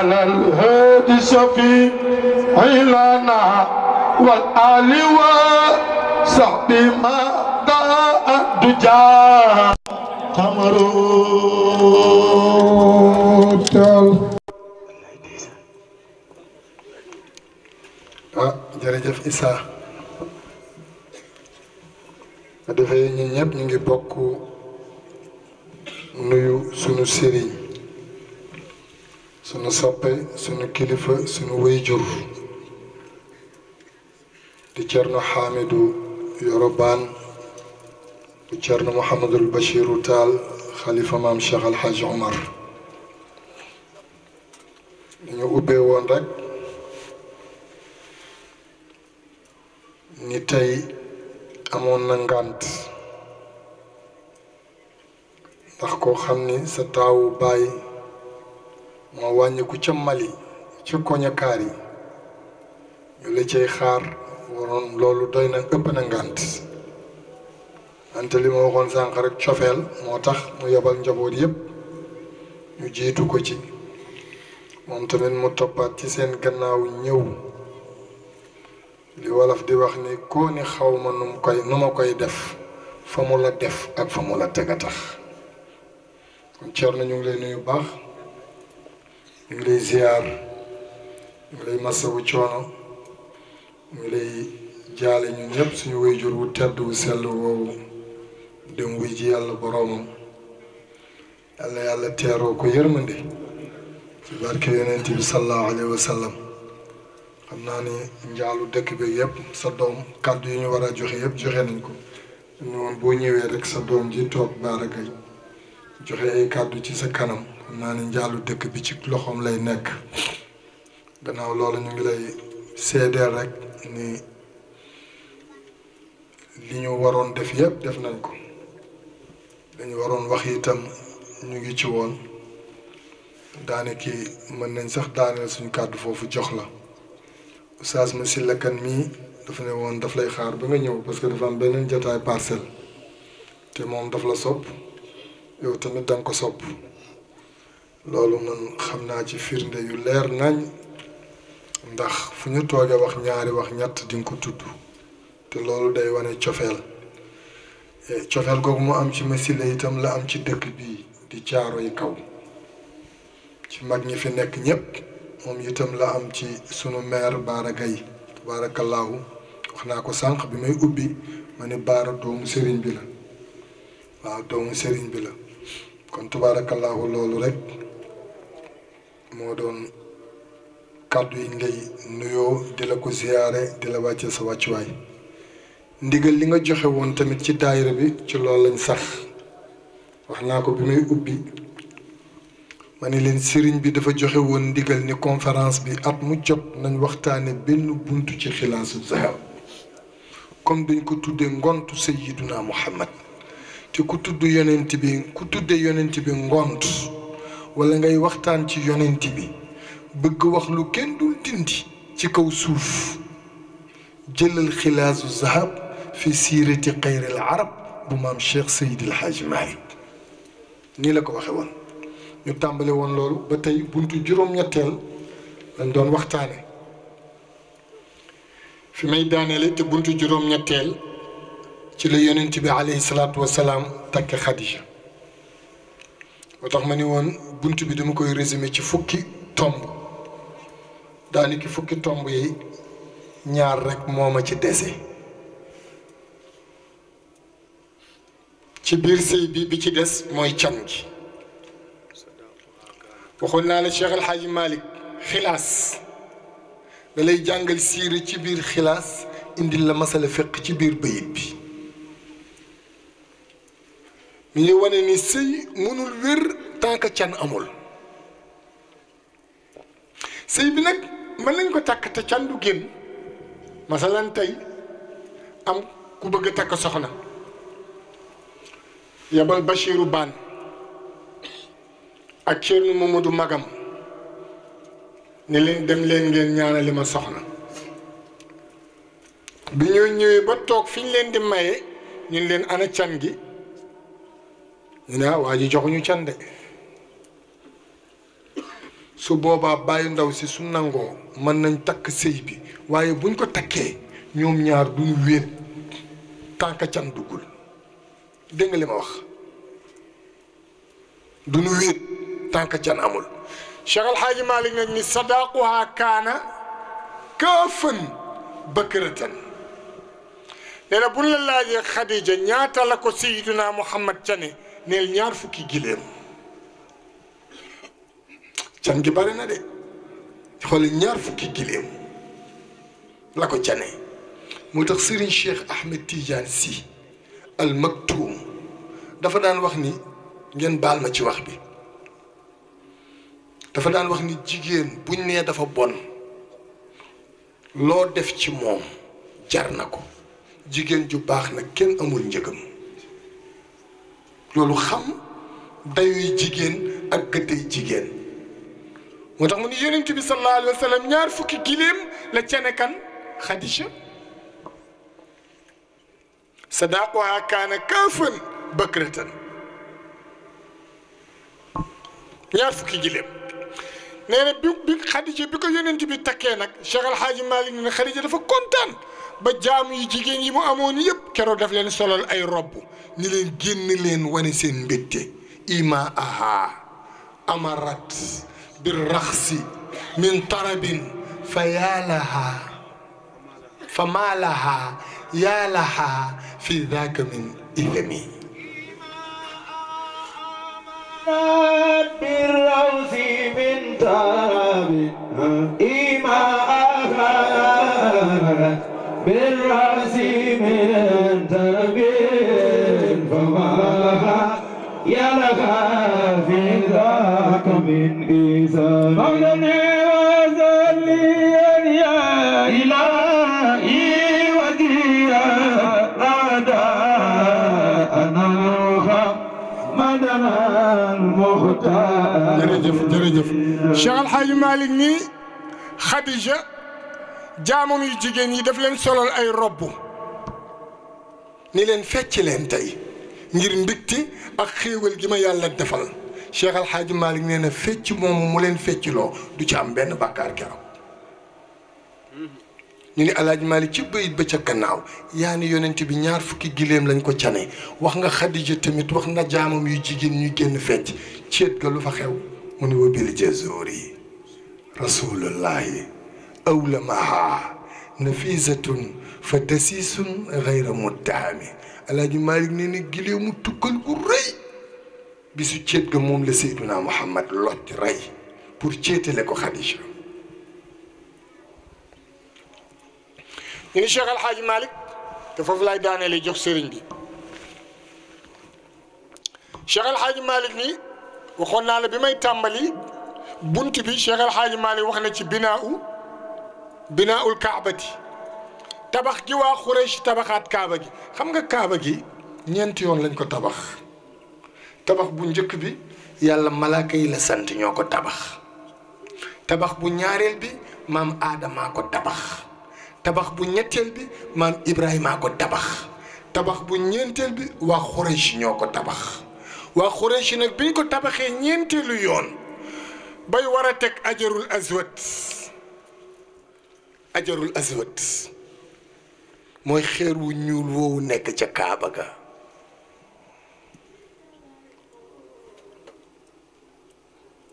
على الهاد شفيع لنا والآل وصحب ما دعا الدجى قمر jërëjëf Issa defee ñi ñëpp ñu ngi bokk nuyu sunu sëriñ sunu soppe sunu kilifa sunu wéyjur di cerno Hamidou Yoro Bane bu cerno Mouhamadul Bachiru Taal xalifa maam Cheikh Al Hadj Omar ñu ubbee woon rek ni tey amoon na ngànt ndax koo xam ni sa taawu baay moo wàññiku ca Mali ca Koniakari ñu la cay xaar waroon loolu doy na ëpp na ngànt ante li ma waxoon sànq rek cofeel moo tax mu yobal njaboot yépp ñu jiitu ko ci moom tamit mu toppaat ci seen gannaaw ñëw li wolof di wax ni koo ni xaw ma nu koy nu ma koy def fa mu la def ak fa mu la teg a tax kon Thierno ñu ngi lay nuyu baax ñu ngi lay ziar ngi lay masawu coono ñu ngi lay jaale ñun ñëpp suñu wayjur wu tedd wu sell woowu dem wuy ji yàlla boroomam yàlla yàlla teeroo ko yërmande ci barke yonent bi sallallahu alayhi wa xam naa ni njaalu dëkk bi yëpp sa doom kàddu yi ñu war a joxe yëpp joxe nañ ko ñu woon boo ñëwee rek sa doom ji toog baaragay joxe ay kàddu ci sa kanam naa ne njaalu dëkk bi ci loxoom lay nekk gannaaw loolu ñu ngi lay seedeel rek ni li ñu waroon def yëpp def nañ ko li ñu waroon wax itam ñu ngi ci woon daane ki mën nañ sax daaneel suñu kàddu foofu jox la oustaz ma si lekkat mii dafa ne woon daf lay xaar ba nga ñëw parce que dafa am beneen jotaay parcelle te moom daf la sopp yow tamit danga ko sopp loolu man xam naa ci firnde yu leer nañ ndax fu ñu toogee wax ñaari wax ñett di nga ko tudd te loolu day wane cofeel e, cofeel googu mu am ci Mesila itam la am ci dëkk bi di caaro yi Kaw ci mag ñi fi nekk ñépp moom itam la am ci sunu maire Baara Gaye tabaarakallaahu wax naa ko sànq bi may ubbi ma ne Baara doomu sëriñ bi la waaw doomu sëriñ bi la kon tabaarakallaahu loolu rek moo doon kàddu yi ñu lay nuyoo di la ko ziyaare di la wàccee sa wàccuwaay ndigal li nga joxe woon tamit ci daayira bi ci loolu lañ sax wax naa ko bi muy ubbi ma ne leen sëriñ bi dafa joxe woon ndigal ni conférence bi at mu jot nañ waxtaane benn buntu ci xilaasu zahab comme dañ ko tuddee ngontu sayyiduna muhammad te ku tudd yonent bi ku tuddee yonent bi ngont wala ngay waxtaan ci yonent bi bëgg wax lu kenn dul dindi ci kaw suuf jëlal xilaasu zahab fi sirati siirati al arab bu maam Cheikh Seydi al haj malik ni la ko waxe won ñu tàmbale won loolu ba tey buntu juroom ñettel lañ doon waxtaane fi may daaneele te buntu juroom ñettel ci la yonent bi alayhi salatu wassalam takk khadija وتخمني وان buntu bi dama koy résumer ci fukki tomb daanaka fukki tomb yi ñaar rek moma ci déssé ci bir sëy bi bi ci dess moy can gi waxoon naa la Cheikh El Hadj Malick xilaas da lay jàngal sir ci bir khilas indi la masala fiq ci bir bayit bi mi ngi wane ni sëy munul wér tant que can amul sëy bi nag mën nañ ko takk te can du génn masalan tey am ku bëgg a takk soxna yabal bashiru Baan ak Ceerno Mamadou Magam ne leen dem leen ngeen ñaanali ma soxna bi ñoo ñëwee ba toog fi ñu leen di maye ñun leen ana can gi ñu ne ah, waa ji joxuñu can de su booba bàyyi ndaw si su nangoo mën nañ takk sëy waaye buñ ko takkee ñoom ñaar duñu wéet tànka can duggul dégg nga li ma wax duñu wéet tànka can amul Cheikh El Hadj Malick nag ni kaana kaafan bakëratan nee na buñ la laajee ñaata la ko Seydina Muhammad cane neel ñaar fukki gileem can gi bari na de xool ñaar fukki gileem la ko cane moo Serigne Cheikh Ahmed Tidiane al Maktoum dafa daan wax ni ngeen baal ma ci wax bi dafa daan wax ni jigen buñ nee dafa bon loo def ci moom jar na ko ju baax na kenn amul njëgam loolu xam dayuy jigéen ak gëtey moo tax mu ni yonent bi sallallahu alayhi wa sallam ñaar fukki giléem la cene kan xadija sadaaquha kaana kaafan bakratan ñaar fukki giléem nee na bi bi xadija bi ko yonent bi takkee nag Cheikh Al Hadj Malick ne xadija dafa kontaan ba jaam yu jigéen yi mu amoon yëpp keroog daf leen solal ay robb ni leen génn leen wane seen mbégte ima aha amarat بالرخص من طرب فيا لها فما لها يا لها في ذاك من إثم بالرخص من طرب إيماء بالروث من طرب فما لها يا لك في ذاك من إيزان مغني يا إلهي وديا غدا أنا محمدنا المختار جرجف جرجف شغل حاج مالك ني خديجة jaamam yu دفلن yi daf leen solal ay robb ngir mbégte ak xéewal gi ma yàlla defal Cheikh Al Hadj Malick nee na fecc moomu mu leen feccloo du ci am benn bàkkaar keroog ñu ni alaaji Malick ci bayit ba ca gannaaw yaa ni yonent bi ñaar fukki giléem lañ ko cane wax nga Xadija tamit wax na jaamam yu jigéen ñu génn fecc ceet ga lu fa xew mu ni wabil jazuri rasulullahi awlamaha nafisatun fa dasisun gayra muttaami الله مالك نين جلي متقل قري بس تشيت جموم لسيدنا محمد لوت راي بور تشيت لكو خديجة ني شيخ الحاج مالك تفوف لاي داني لي جوخ سيرين دي شيخ الحاج مالك ني وخون نانا بيماي تامبالي بونت بي شيخ الحاج مالك واخنا سي بناء بناء الكعبه tabax gi waa Quraysh tabaxaat kaaba gi xam nga kaaba gi ñeenti yoon lañ ko tabax tabax bu njëkk bi yàlla malaaka yi la sant ñoo ko tabax tabax bu ñaareel bi maam aadamaa ko tabax tabax bu ñetteel bi maam ibrahimaa ko tabax tabax bu ñeenteel bi waa Quraysh ñoo ko tabax waa Quraysh nag biñ ko tabaxee ñeenteelu yoon bay war a teg ajarul aswad ajarul aswad mooy xeer wu ñuul woowu nekk ca Kaaba ga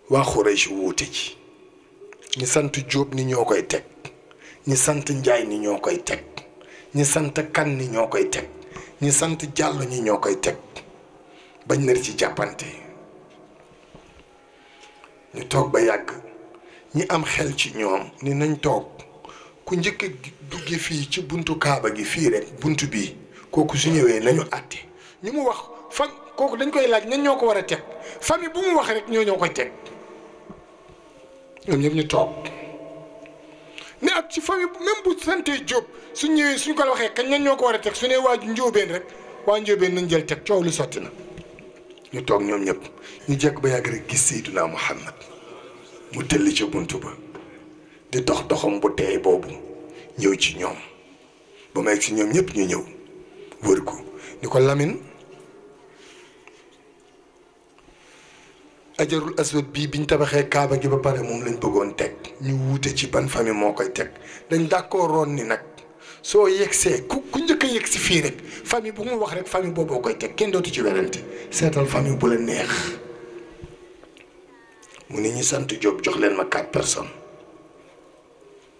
waa Xuraysh wuute ci ñi sant Jóob ni ñoo koy teg ñi sant Njaay ni ñoo koy teg ñi sant Kan ni ñoo koy teg ñi sant Jàllo ñi ñoo koy teg bañ nar ci jàppante ñu toog ba yàgg ñi am xel ci ñoom ni nañ toog ku njëkk a dugge fii ci buntu kaaba gi fii rek bunt bii kooku su ñëwee nañu àtte ñu mu wax fan kooku dañ koy laaj ñan ñoo ko war a teg famille bu mu wax rek ñoo ñoo koy teg ñoom ñëpp ñu toog mais ak ci famille même bu santee Jóob suñ ñëwee suñ ko waxee kañ ñan ñoo ko war a teg su waa njóobeen rek waa njóobeen nañ jël teg coow li sotti na ñu toog ñoom ñëpp ñu jekk ba yàgg rek gis Seydunaa Muhammad mu tëll ci buntu ba di dox doxam bu teey boobu ñëw ci ñoom ba may ci ñoom ñëpp ñu ñëw wër ko ñu ko Lamine ajarul aswad bii ñu tabaxee kaaba gi ba pare moom lañ bëggoon teg ñu wuute ci ban famille moo koy teg dañ d'accordoon ni nag soo yegsee ku ku njëkk a yegsi fii rek famille bu mu wax rek famille booboo koy teg kenn dootu ci werante seetal famille bu la neex mu ne ñu sant Diop jox leen ma quatre personnes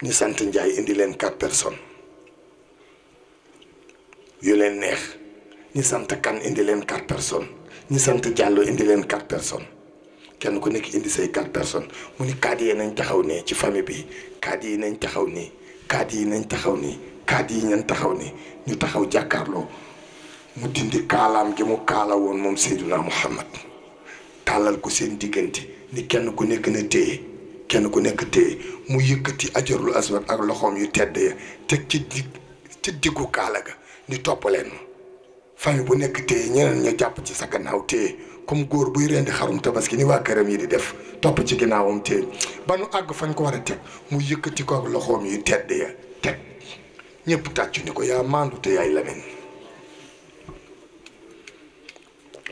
ñu sant Njaay indi leen quatre personnes yu leen neex ñu sant Kan indi leen quatre personnes ñu sant Diallo indi leen quatre personnes kenn ku nekk indi say quatre personnes mu ni cadre yi nañ taxaw nii ci famille bi cadre yi nañ taxaw nii cadre yi nañ taxaw nii cadre yi nañ taxaw nii ñu taxaw jàkkaarloo mu dindi kaalaam gi mu kaala woon moom Seydina Muhammad tàllal ko seen diggante ni kenn ku nekk na téye. kenn ku nekk téye mu yëkkati ajarul aswad ak loxoom yu tedd ya teg ci di diggu kaala ga ni topp leen famille bu nekk téye ñeneen ñu jàpp ci sa gannaaw téye comme góor buy rendi xarum tabaski ni waa këram yi di def topp ci ginnaawam téye ba nu àgg fañ ko war a teg mu yëkkati ko ak loxoom yu tedd ya teg ñëpp tàccu ni ko yaa maandu te yaay lamin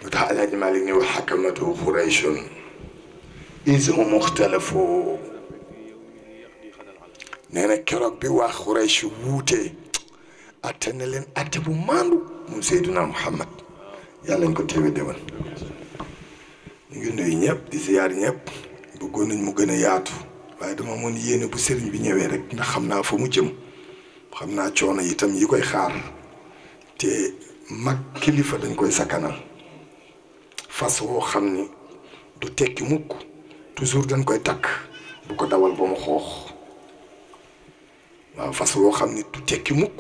lu tax alaaji Maalik ni wa xakamatu Qurayshun ism muxtalafoo nee na keroog bi waa Quraysh wuutee atte na leen atte bu mandu moom Seydina Muhammad yàlla ñu ko teewe déwén ñu ngi nuyu ñëpp di ziyaar ñëpp bëggoon nañ mu gën a yaatu waaye dama mon yéene bu sëriñ bi ñëwee rek ndax xam naa fa mu jëm xam naa coono itam yi koy xaar te mag kilifa dañ koy sakana fas woo xam ni du tekki mukk toujours dañ koy takk bu ko dawal ba mu xoox waaw fas woo xam ni tu tekki mukk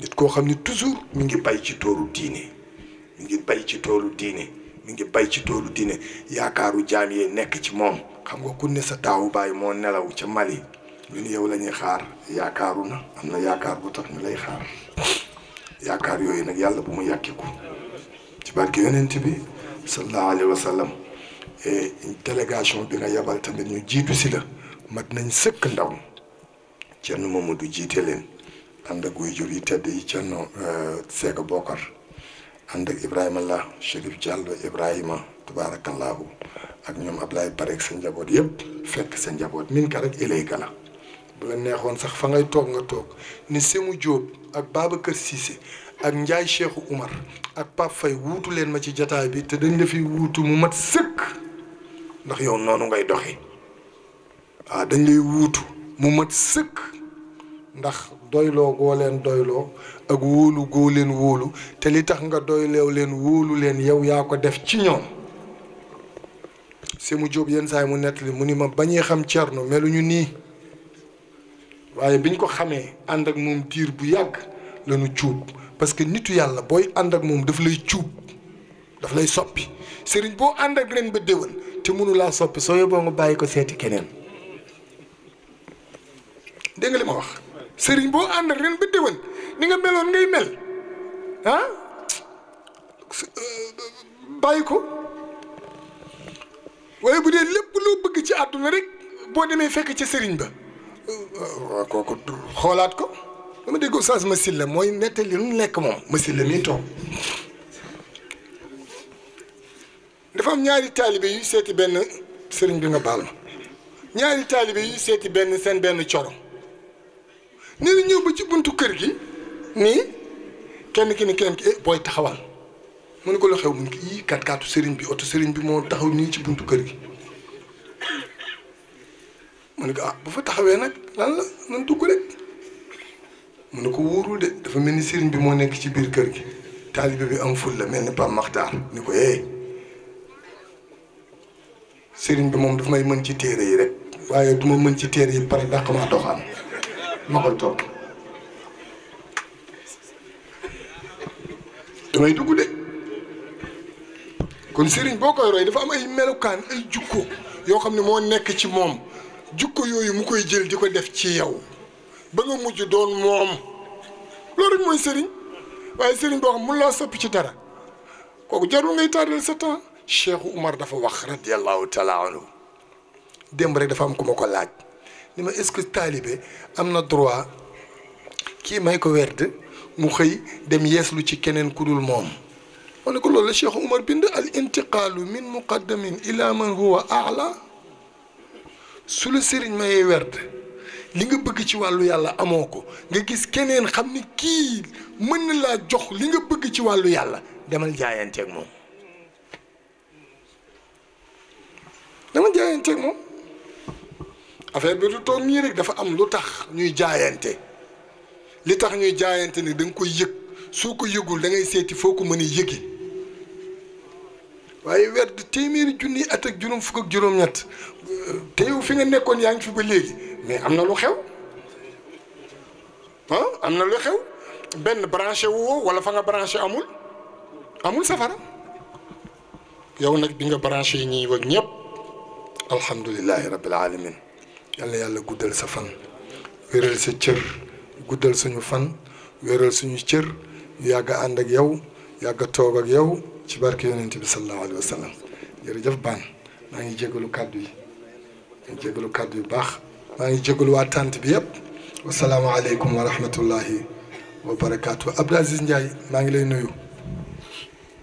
nit koo xam ne toujours mi ngi bay ci toolu diine mi ngi bay ci toolu diine mi ngi bay ci toolu diine yaakaaru jaam yee nekk ci moom xam nga ku ne sa taawu baay moo nelaw ca Mali ñun yow la ñuy xaar yaakaaru na am na yaakaar bu tax ñu lay xaar yaakaar yooyu nag yàlla bu mu yàkkiku ci barke yonent bi sallallahu alayhi wa sallam telegation bi nga yabal tamit ñu jiitu si la mat nañ sëkk ndaw Thierno Mamadou jiite leen ànd ak wuy jur yi tedd yi Thierno euh, Seega Bokar ànd ak Ibrahima la Chérif Diallo Ibrahima tubaarakallaahu ak ñoom Ablaye Parek sa njaboot yëpp fekk sa njaboot min ka rek ilayka bu la neexoon sax fa ngay toog nga toog ni Sémou Diop ak Babacar Cissé ak njaay Cheikhou Oumar ak Pape Faye wuutu leen ma ci jataay bi te dañ la fi wuutu mu mat sëkk ndax yow noonu ngay doxee waaw dañ lay wuutu mu mat sëkk ndax doyloo goo leen doyloo ak wóolu goo leen wóolu te li tax nga doyloo leen wóolu leen yow yaa ko def ci ñoom si mu jóob yenn saay mu nettali mu ni ma bañee xam cerno ñu nii waaye biñ ko xamee ànd ak moom diir bu yàgg lañu cuub parce que nitu yàlla booy ànd ak moom daf lay cuub daf lay soppi sëriñ boo ànd ak ren ba déwén te mënu laa soppi soo yóbboo nga bàyyi ko seeti keneen dégg nga ma wax sëriñ boo ànd ren ba déwén ni nga meloon ngay mel ah euh, bàyyi ko waaye bu dee lépp loo bëgg ci àdduna rek boo demee fekk ci sëriñ ba euh, waaw kooku xoolaat ko dama dégg Oustaz Masila mooy nettali lu nekk moom Masila mii toog dafa am ñaari taalibe yuy seeti benn sëriñ bi nga baal ma ñaari taalibe yuy seeti benn seen benn coro nee ñëw ba ci buntu kër gi nii kenn ki ni kenn ki eh, taxawal mu ne ko lu mu ne ko sëriñ bi oto sëriñ bi moo taxaw nii ci buntu kër gi ne ko ah bu fa taxawee nag lan la nan dugg rek mu ne ko wóorul de dafa mel ni sëriñ bi moo nekk ci biir kër gi taalibe bi am ful mel ni Pape Makhtar ni ko eh. sëriñ bi moom dafa may mën ci téere yi rek waaye du ma mën ci téere yi pare dàq maa doxaan ma koy toog damay dugg de kon sëriñ boo koy roy dafa am ay melukaan ay jukko yoo xam ne moo nekk ci moom jukko yooyu mu koy jël di ko def ci yow ba nga mujj doon moom loolu rek mooy sëriñ waaye sëriñ boo xam mun laa soppi ci dara kooku jarul ngay tardel sa temps cheikh Umar dafa wax radiallahu taala anhu démb rek dafa am ku ma ko laaj ni ma est-ce que taalibe am na droit kii may ko werd mu xëy dem yeeslu ci keneen ku dul moom ma ne ko loolu la cheikh Umar bind al intiqaalu min muqaddamin ila man huwa aala su la sëriñ mayee werd li nga bëgg ci wàllu yàlla amoo ko nga gis keneen xam ni kii mën na laa jox li nga bëgg ci wàllu yàlla demal jaayanteeg moom dama jaayante ak moom affaire bi du toog nii rek dafa am lu tax ñuy jaayante li tax ñuy jaayante ni da koy yëg soo ko yëgul da ngay seeti foo ko mën a yëgi waaye weer du téeméeri junni at ak juróom fukk ak juróom-ñett te yow fi nga nekkoon yaa ngi fi ba léegi mais am na lu xew ah, am na lu xew benn branché woo wala fa nga branché amul amul safara yow nag bi nga branché ñii wag ñëpp. alhamdulilahi rabbil alamin yàlla yàlla guddal sa fan wéral sa cër guddal suñu fan wéral suñu cër yàgg ànd ak yow yàgg toog ak yow ci barke yonent bi sallallahu alayhi wa sallam jërëjëf baan maa ngi jégalu kàddu yi maa ngi jégalu kàddu yu baax maa ngi jégalu waa tànt bi yëpp wasalaamaaleykum wa rahmatullahi wa barakaatu Abdou Aziz Ndiaye maa ngi lay nuyu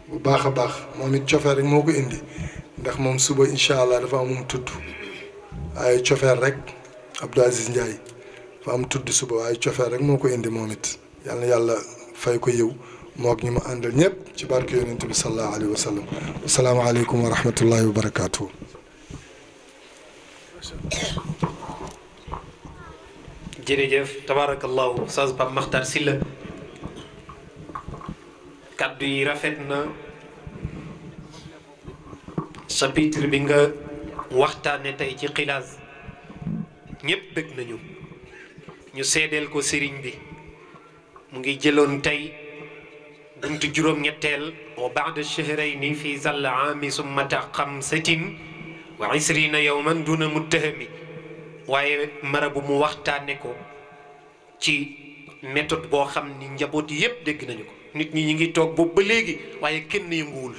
bu baax a baax moom it cofee rek moo ko indi ndax moom suba incha allah dafa amum tudd waaye cofeer rek Abdou Aziz Ndiaye dafa am tudd suba waaye cofeer rek moo ko indi moom yàlla na yàlla fay ko yëw moo ak ñi ma àndal ñëpp ci barke yonent bi sallallahu alayhi wa sallam asalaamaaleykum wa rahmatullahi wa barakaatu. jërëjëf tabarakallahu Oustaz Pape Makhtar Sylla kaddu yi rafet na. chapitre bi nga waxtaane tey ci xilaas ñépp bëgg nañu ñu seedeel ko sëriñ bi mu ngi jëloon tey buntu juróom-ñetteel wa baada shahrayni fi zall aami summata xamsatin wa isrina yowman duna muttahami waaye marabu mu waxtaane ko ci méthode boo xam ni njaboot yépp dégg nañu ko nit ñi ñu ngi toog boobu ba léegi waaye kenn yënguwul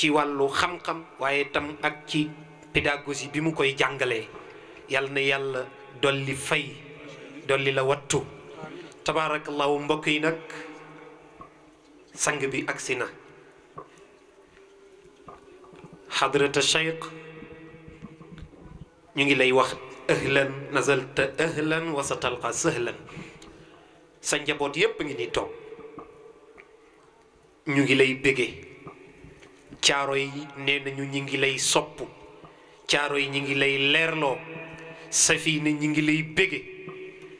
ci wàllu xam-xam waaye tam ak ci pédagogie bi mu koy jàngalee yal na yàlla dolli fay dolli la wattu tabaarakallaahu mbokk yi nag sang bi agsi na xadrata cheikh ñu ngi lay wax ahlan nazalta ahlan wa sa talqa sahlan sa njaboot yépp ngi ni toog ñu ngi lay bége caaro yi nee nañu ñi ngi lay sopp caaro yi ñi ngi lay leerloo safina ñi ngi lay bége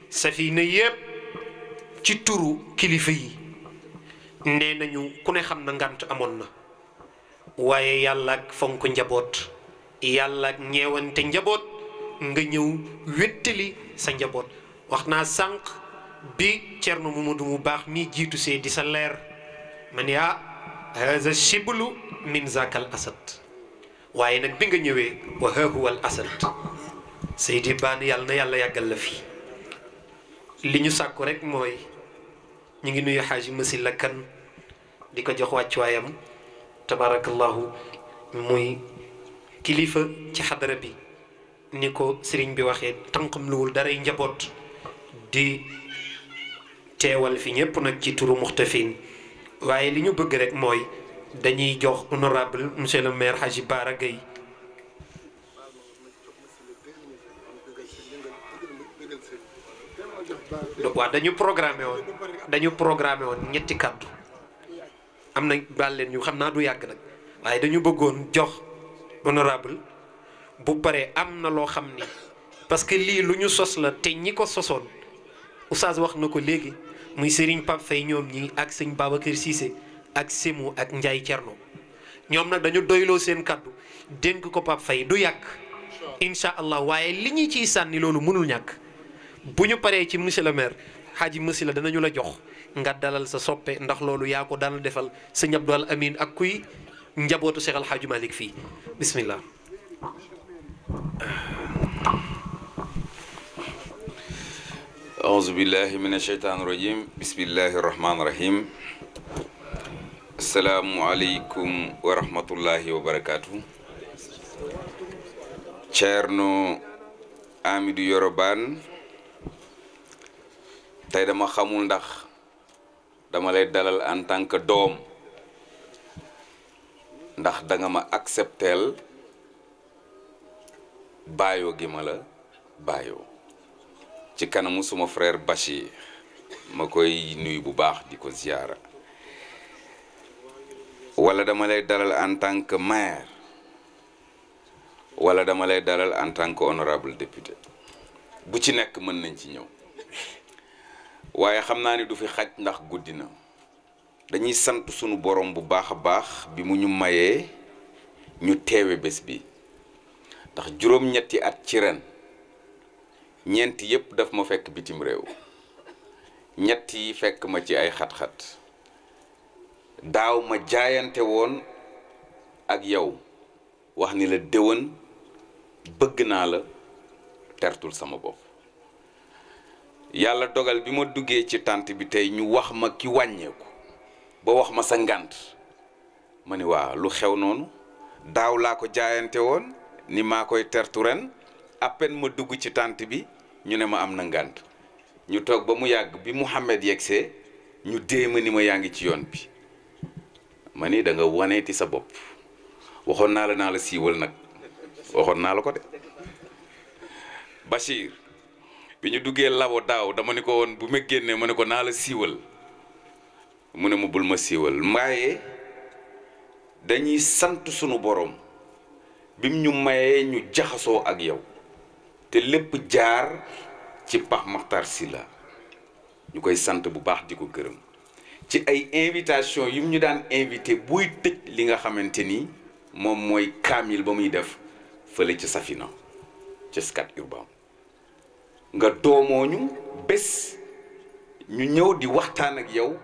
safiina yépp ci turu kilifa yi nee nañu ku ne xam na ngant amoon na waaye yàlla ak fonk njaboot yàlla ak ñeewante njaboot nga ñëw wéttali sa njaboot wax naa sànq bi Cerno Mamadu mu baax mii jiitu see di sa leer ma ni ah haza min zakal asad waaye nag bi nga ñëwee wa hahuwal asad Seydi Ban yàlla na yàlla yàggal la fi li ñu sàkku rek mooy ñu ngi nuyu xaaji Masila Kan di ko jox wàccuwaayam tabarakallahu muy kilifa ci xadara bi ni ko sëriñ bi waxee tànqam luwul daray njaboot di teewal fi ñépp nag ci turu muxtafin waaye li ñu bëgg rek mooy dañuy jox honorable monsieur le maire Hadji Bara Gueye waaw dañu programmé woon dañu programmé woon ñetti kàddu am na baal leen ñu xam naa du yàgg nag waaye dañu bëggoon jox honorable bu pare am na loo xam ni parce que lii lu ñu sos la te ñi ko sosoon oustaz wax na ko léegi muy Serigne Pape Faye ñoom ñi ak sëñ Babacar Cissé ak Sémou ak Ndiaye Thierno ñoom nag dañu doyloo seen kàddu dénk ko Pape Faye du yàgg incha allah waaye li ñu ciy sànni loolu mënul ñàkk bu ñu paree ci monsieur le maire xaaji monsieur la danañu la jox nga dalal sa soppe ndax loolu yaa ko daan defal sa Abdou Amin ak kuy njabootu Cheikh Al Hadj Malick fii bismillah أعوذ بالله من الشيطان الرجيم بسم الله الرحمن الرحيم Assalamualaikum warahmatullahi wabarakatuh. Cerno barakatu ceerno amidou Yoroban tay dama xamul ndax dama lay dalal en tant que dom ndax nga ma accepteel bayo gi mala bayo ci kanamu suma frère Bashir makoy nuyu bu baax diko ziarah wala dama lay dalal en tant que maire wala dama lay dalal en tant que honorable député bu ci nekk mën nañ ci ñëw waaye xam naa ni du fi xaj ndax guddi na dañuy sant sunu borom bu baax a baax bi mu ñu mayee ñu teewe bés bi ndax juróom-ñetti at ci ren ñeenti yépp daf ma fekk bitim réew ñetti yi fekk ma ci ay xat-xat daaw ma jaayante woon ak yow wax ni la déwén bëgg naa la tertul sama bopp yàlla dogal bi ma duggee ci tànt bi tey ñu wax ma ki wàññeeku ba wax ma sa ngànt ma ni waa lu xew noonu daaw laa ko jaayante woon ni maa koy tertu ren appen ma dugg ci tànt bi ñu ne ma am na ngànt ñu toog ba mu yàgg bi Mouhamed yegsee ñu dee ma ni ma yaa ngi ci yoon bi ma ni da nga waneeti sa bopp waxoon naa la naa la siiwal nag waxoon naa la ko de Bachir bi ñu duggee lawo daaw dama ne ko woon bu ma génnee ma ne ko naa la siiwal mu ne ma bul ma siiwal mbaaye dañuy sant sunu boroom bim ñu mayee ñu jaxasoo ak yow te lépp jaar ci Pape Makhtar Sylla ñu koy sant bu baax di ko gërëm ci ay invitation yu ñu daan invité buy tëj li nga xamante ni moom mooy kaamil ba muy def fële ci Safina ci Scat Urbam nga doomooñu bés ñu ñëw di waxtaan ak yow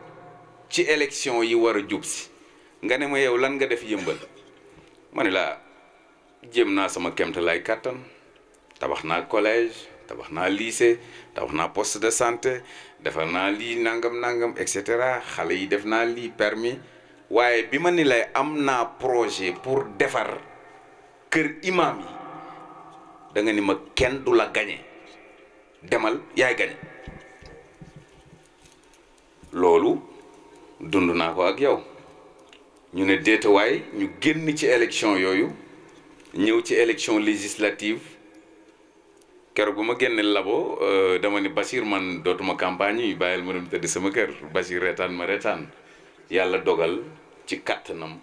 ci élection yi war a jub si nga ne ma yow lan nga def yëmbal ma ne laa jéem naa sama kemtalaay kàttan tabax naa collège tabax naa lycée tabax naa poste de santé defar naa lii nangam nangam et cetera xale yi def naa lii permis waaye bi ma ni lay am naa projet pour defar kër imam yi da nga ni ma kenn du la gañe demal yaay gañe loolu dund naa ko ak yow ñu ne detewaay ñu génn ci élection yooyu ñëw ci élection législative kër bu ma génne labo eh, dama ni basir man dootuma campagne yi bàyyil ma dem tëdd sama kër basir reetaan ma reetaan yàlla dogal ci kattanam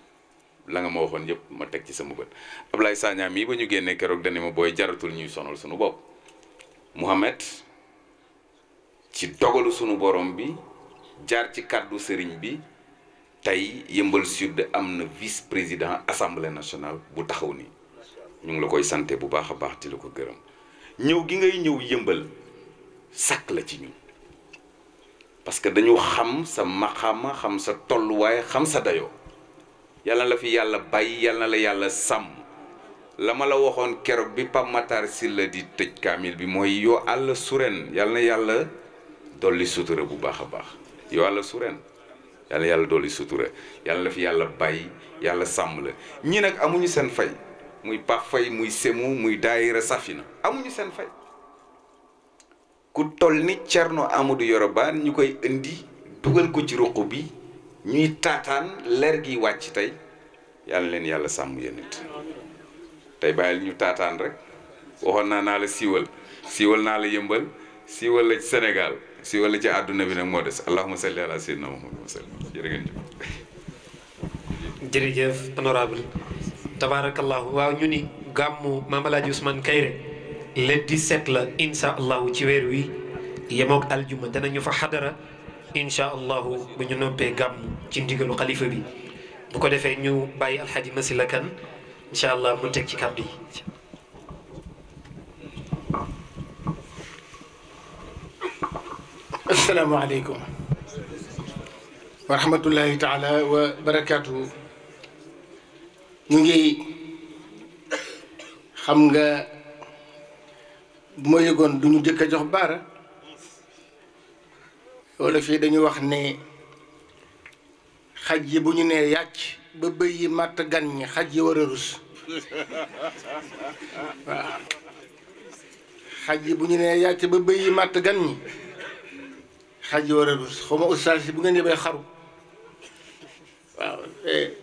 la nga ma waxoon yëpp ma teg ci sama bët Ablaye Sagna mii ba ñu génnee keroog dani ma booy jaratul ñuy sonal sunu bopp ci dogalu sunu borom bi jaar ci kàddu sëriñ bi tey yëmbal Sud am na vice président assemblée nationale bu taxaw ni ñu ngi la koy sante bu baax a baax di la ko ñëw gi ngay ñëw yëmbal sàkk la ci ñun parce que dañu xam sa maxama xam sa tolluwaay xam sa dayoo yàlla la fi yàlla bàyyi yàlla na la yàlla sàmm la ma la waxoon keroog bi Pape Matar di tëj kaamil bi mooy yoo àll suren yàlla na yàlla dolli sutura bu baax a baax yoo àll suren yàlla yàlla dolli sutura yàlla la fi yàlla bàyyi yàlla sàmm la ñi nag amuñu seen fay muy Pape Faye muy Semou muy Daayira Safina amuñu seen fay ku toll ni Thierno Amadou Yoro Ba ñu koy indi dugal ko ci ruq bi ñuy taataan leer gi wàcc tey yàlla leen yàlla sàmm yéen it tey bàyyil ñu taataan rek waxoon naa naa la siiwal siiwal naa la yëmbal siiwal la ci Sénégal siiwal la ci àdduna bi nag moo des allahumma salli ala sayyidina Muhammad wa sallam jërë ngeen jëf jërëjëf honorable tabarakallah waaw ñu ni gamu Mame Alhaji Ousmane Kayre le 17 la insha allah ci wër wi yemok aljuma danañu fa hadara insha allah bu ñu noppé gam ci ndigalu khalifa bi bu ko défé ñu bayyi alhaji masilakan kan insha allah mu tek ci kàddu assalamu alaykum wa rahmatullahi taala wa barakatuh. ñu ngi xam nga bu ma yëgoon du ñu jëkk a jox baara wala fii dañu wax ne xaj yi bu ñu nee yàcc ba bëy yi màtt gan ñi xaj yi war a rus waaw xaj yi bu ñu nee yàcc ba bëy yi màtt gan ñi xaj yi war xaw ma ustaas bu ngeen yebee xaru waaw eh.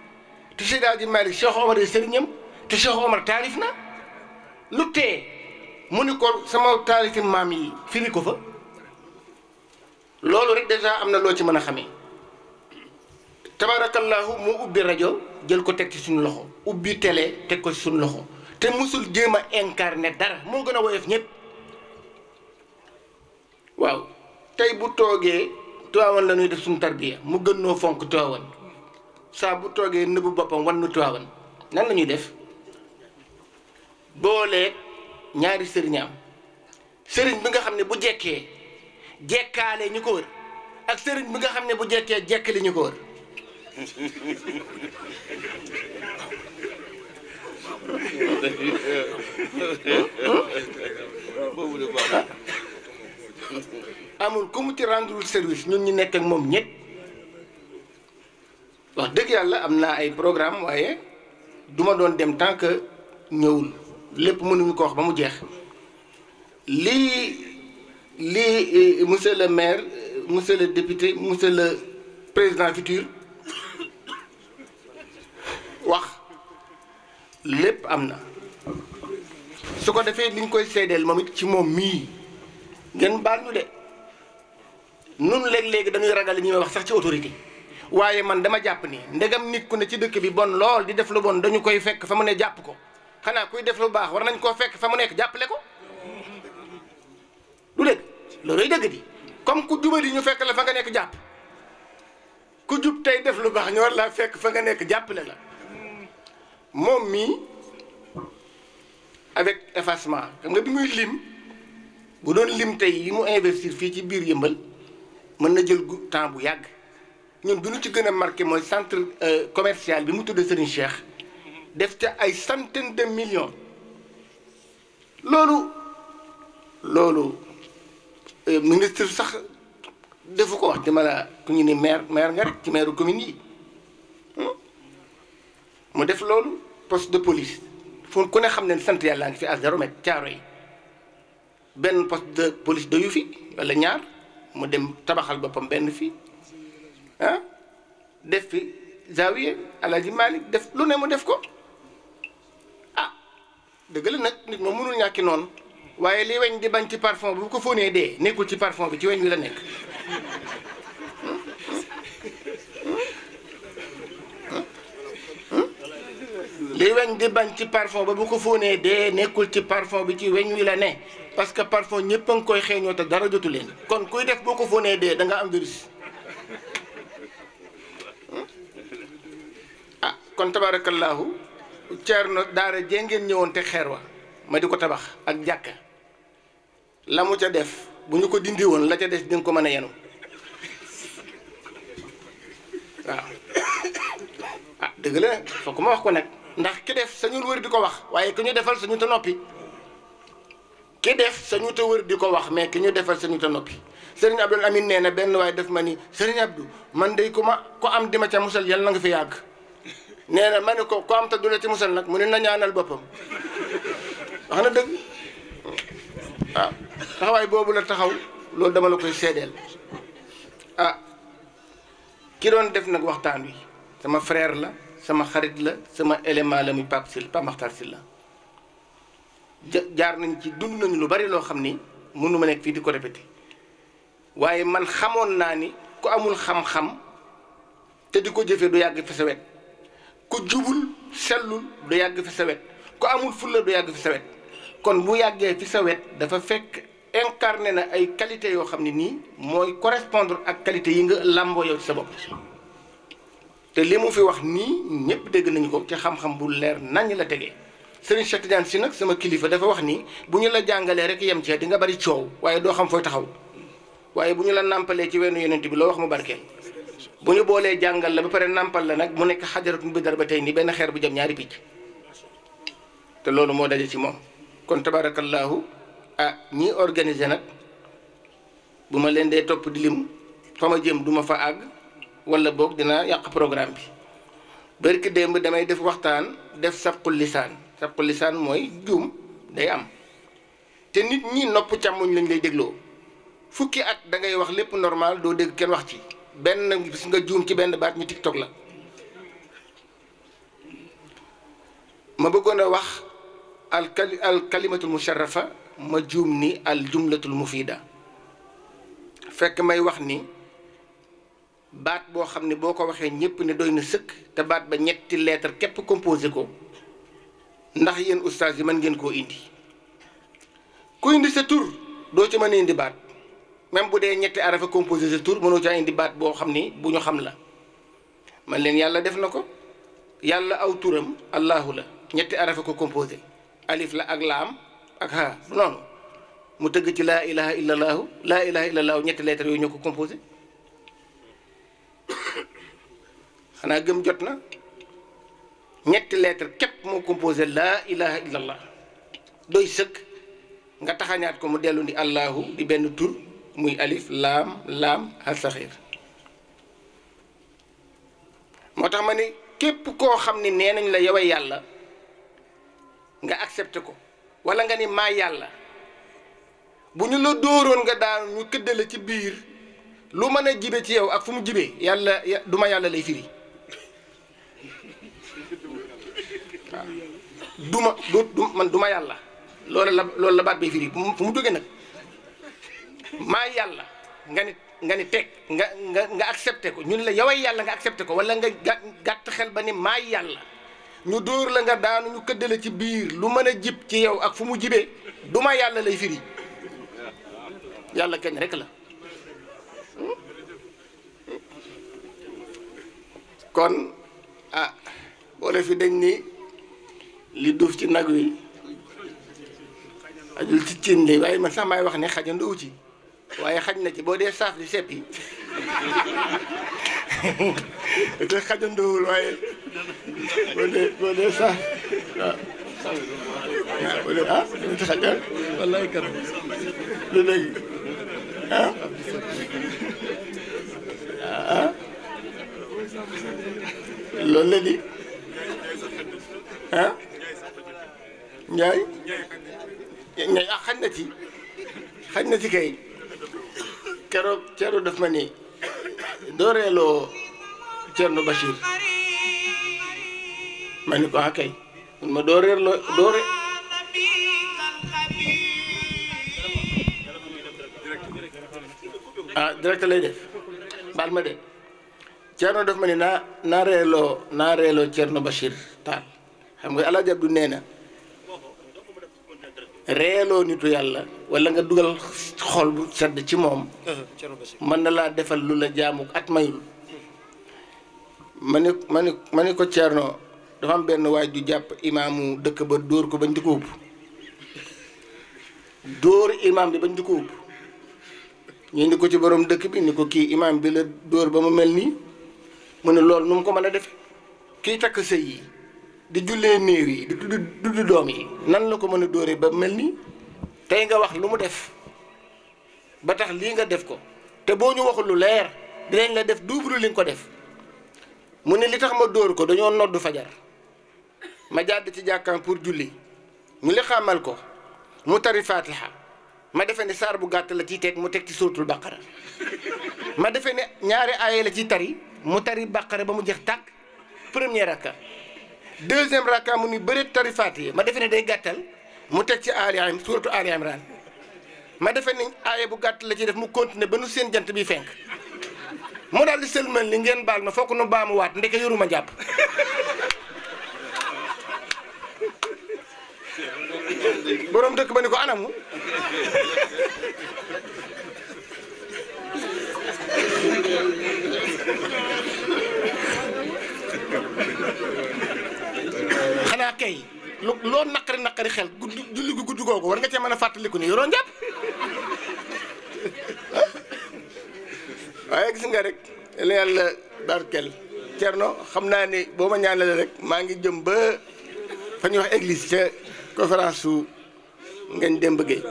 te Seydi Hadji Malick Cheikh Omar yi sëriñam te Cheikh Omar na lu tee mu ni ko sama taalifi maam yi firi ko fa loolu rek dèjà am na loo ci mën a xamee tabarakallahu mu ubbi rajo jël ko teg ci suñu loxo ubbi tele teg ko ci suñu loxo te musul jéem a incarné dara moo gën a woyof ñëpp waaw tey bu toogee Tiwaawan lañuy def suñu tarbiya mu gën noo fonk Tiwaawan saa bu toogee nëbbu boppam wan nu Tiwaawan nan la ñuy def booleeg ñaari sëriñam sëriñ bi nga xam ne bu jekkee jekkaale ñu ko ak sëriñ bi nga xam ne bu jekkee jekkali ñu ko wër amul ku mu ci rendrewul service ñun ñu nekk moom ñett wax dëgg yàlla ay programme waye dem tant que ko wax ba mu euh, monsieur le maire euh, monsieur le député monsieur le président futur wax lepp amna su ko koy ci ngeen autorité waaye man dama jàpp ni ndegam nit ku ne ci dëkk bi bon lool di def lu bon dañu koy fekk fa mu ne jàpp ko xanaa kuy def lu baax war nañ koo fekk fa nekk jàppale ko du dëgg looloy dëgg di comme ku jubali ñu fekk la fa nga nekk jàpp ku jub tey def lu baax ñu war laa fekk fa nga nekk jàppale la moom mii avec effacement xam nga bi muy lim bu doon lim tey yi mu investir fii ci biir yëmbal mën na jël temps bu yàgg ñun bi ñu ci gën a marqué mooy centre euh, commercial bi mu tudd Serigne Cheikh def ca ay centaine de millions loolu loolu euh, ministre sax defu ko wax dama la ku ñu ni maire maire nga rek ci maire commune yi mu def loolu poste de police fu ku ne xam ne sant yàlla ngi fi à zéro caaro yi benn poste de police doyu fi wala ñaar mu dem tabaxal boppam benn fii ah def fi zawiye alaji Malik def lu ne mu def ko ah dëgg la nag nit moom mënul ñàkki noonu waaye li weñ di bañ ci parfum ko fóonee dee nekkul ci parfum bi ci weñ wi la nekk li weñ di bañ ci parfum ba bu ko fóonee dee nekkul ci parfum bi ci weñ wi la ne parce que parfum ñëpp ngi koy xeeñoo te dara jotu leen kon kuy def boo ko fóonee dee danga am virus kon tabaarakallaahu cierno daara jengen ñewon te xerwa ma diko tabax ak jàkka lamu ca def buñu ko dindi won la ca def di ko mën yenu ah deug la foog ma wax ko nak ndax ki def sañu wër di ko wax waye ki ñu defal sañu ta nopi ki def sañu ta wër di wax mais ki ñu defal sañu ta nopi serigne Abdul Amin neena ben way def mani serigne Abdou man day kuma ko am dima ca musal yalla nga fi yag nee na ma ne ko ku am te du la ci musal nag mu ne na ñaanal boppam wax na dëgg waaw taxawaay boobu la taxaw loolu dama la koy seedeel ah ki doon def nag waxtaan wi sama frère la sama xarit la sama élément la muy Pape Sylla Pape Makhtar Sylla jaar nañ ci dund nañu lu bari loo xam ni mënu ma nekk fii di ko répété waaye man xamoon naa ni ku amul xam-xam te di ko jëfee du yàgg fa ku jubul selul du yàgg fi sa ku amul fulla du yàgg fi sa kon bu yàggee fi sa wet dafa fekk incarné na ay qualité yoo xam ne nii mooy correspondre ak qualité yi nga làmboo yow ci sa bopp te li mu fi wax nii ñëpp dégg nañu ko ci xam-xam bu leer nañ la tege Serigne Cheikh si nag sama kilifa dafa wax ni bu ñu la jàngalee rek yem ci di nga bari coow waaye doo xam fooy taxaw waaye bu ñu la nàmpalee ci wenn yonent bi loo wax mu barkeel bu ñu janggal, jàngal la ba pare nampal la nag mu nekk xajaratun bi darbatayni ni benn xeer bu jëm ñaari picc te loolu moo daje ci moom kon tabarakallahu ah ñi organiser nag bu ma leen dee topp di lim fa ma jëm du ma fa àgg wala boog dina yàq programme bi barki démb damay def waxtaan def sabqul lisaan sabqul lisaan mooy juum day am te nit ñi nopp càmmuñ lañ lay dégloo fukki at da ngay wax lépp normal doo dégg kenn wax ci benn bis nga juum ci benn baat ñu tiktok la ma bëggoon a wax al kali al kalimatul musharrafa ma juum ni al jumlatul mufida fekk may wax ni baat boo xam ne boo ko waxee ñépp ne doy na sëkk te baat ba ñetti leetar képp composé ko ndax yéen ustaas yi mën ngeen koo indi ku indi sa tur doo ci mën a indi baat même bu dee ñetti arafa composé sa tur mënoo caa indi baat boo xam ni bu ñu xam la man leen yàlla def na ko yàlla aw turam allahu la ñetti arafa ko composé alif la ak laam ak haa noonu mu tëgg ci laa ilaha illa allaahu laa ilaha illa allaahu ñetti lettre yooyu ñoo ko composé xanaa gëm jot na ñetti lettre képp moo composé laa ilaha illa allah doy sëkk nga taxañaat ko mu dellu ni allahu di benn tur muy alif laam laam alsaxiir moo tax ma ne képp koo xam ni nee nañ la yow yàlla nga accepté ko walla nga ni maa yàlla bu ñu la dóoroon nga daan ñu këddale ci biir lu mën a jibe ci yow ak fu mu jibee yàlla du ma yàlla lay firi waaw duma du man duma yàlla loolu la loolu la baat bay firi fu mu jógee nag maa yàlla nga ni nga ni teg nga nga nga accepté ko ñun la yoway yàlla nga accepté ko wala nga gàtt xel ba ni maa yàlla ñu dóor la nga daanu ñu këddale ci biir lu mën a jib ci yow ak fu mu jibee du yàlla lay firi yàlla kenn rek la kon ah boole fi dañ ni li duuf ci nag wi ajul ci cin li waaye man sax maay wax ne xajandu ci waaye xaj na ci boo dee saaf di sepp yi te xajandoowul waaye boo dee boo dee saaf waaw waaw boo dee ah dina xajal wallaay kan lu léegi ah ah loolu la di ah Ndiaye Ndiaye ah xaj na ci xaj na ci kay. keroog Thierno def ma ni doo reeloo Thierno Bachir ma ni ko ah kay doo reeloo doo re ah direct lay def baal ma de Thierno daf ma ni na naa reeloo naa reeloo Thierno Bachir Tall xam nga El nee na. reeloo nitu yàlla wala nga dugal xool bu sedd ci moom uh-huh, mën na laa defal lu la jaamu at mayul ma ni ma ni ma ni ko Thierno dafa am benn waay ju jàpp imaamu dëkk ba dóor ko bañ di ko ëpp dóor imaam bi bañ di ko ëpp ñu ko ci boroom dëkk bi ni ko kii imaam bi la dóor ba mu mel nii mu ne loolu nu mu ko mën a def kii takk sëy yi di jullee niir yi di dudd doom yi nan la ko mën a dóoree ba mel ni tey nga wax lu mu def ba tax lii nga def ko te boo ñu waxul lu leer dinañ la def double li nga ko def mu ne li tax ma dóor ko dañoo nodd fajar ma jàdd ci jàkkaam pour julli ñu li xamal ko mu tari faatiha ma defe ne saar bu gàtt la ciy teg mu teg ci suratul baqara ma defe ne ñaari aaye la ciy tari mu tari baqara ba mu jeex tàkk première rakka deuxième rakka mu ni bëreet tari Faatiha ma defe ne day gàttal mu teg ci Ali Imran suuratu Ali ma defe ni aaya bu gàtt la ci def mu continuer ba nu seen jant bi fenk mu daal di sëlmal ni ngeen baal ma fokk nu baamuwaat ndeke yoruma jàpp boroom dëkk ba ni ko anamu kay loo naqari naqari xel gudd julli googu war nga cee mën a fàttaliku ni yoroo njàpp waaye gis nga rek la yàlla barkel Thierno xam naa ni boo ma ñaanalee rek maa ngi jëm ba fa ñuy wax église ca conférence su ngeen dem bëggee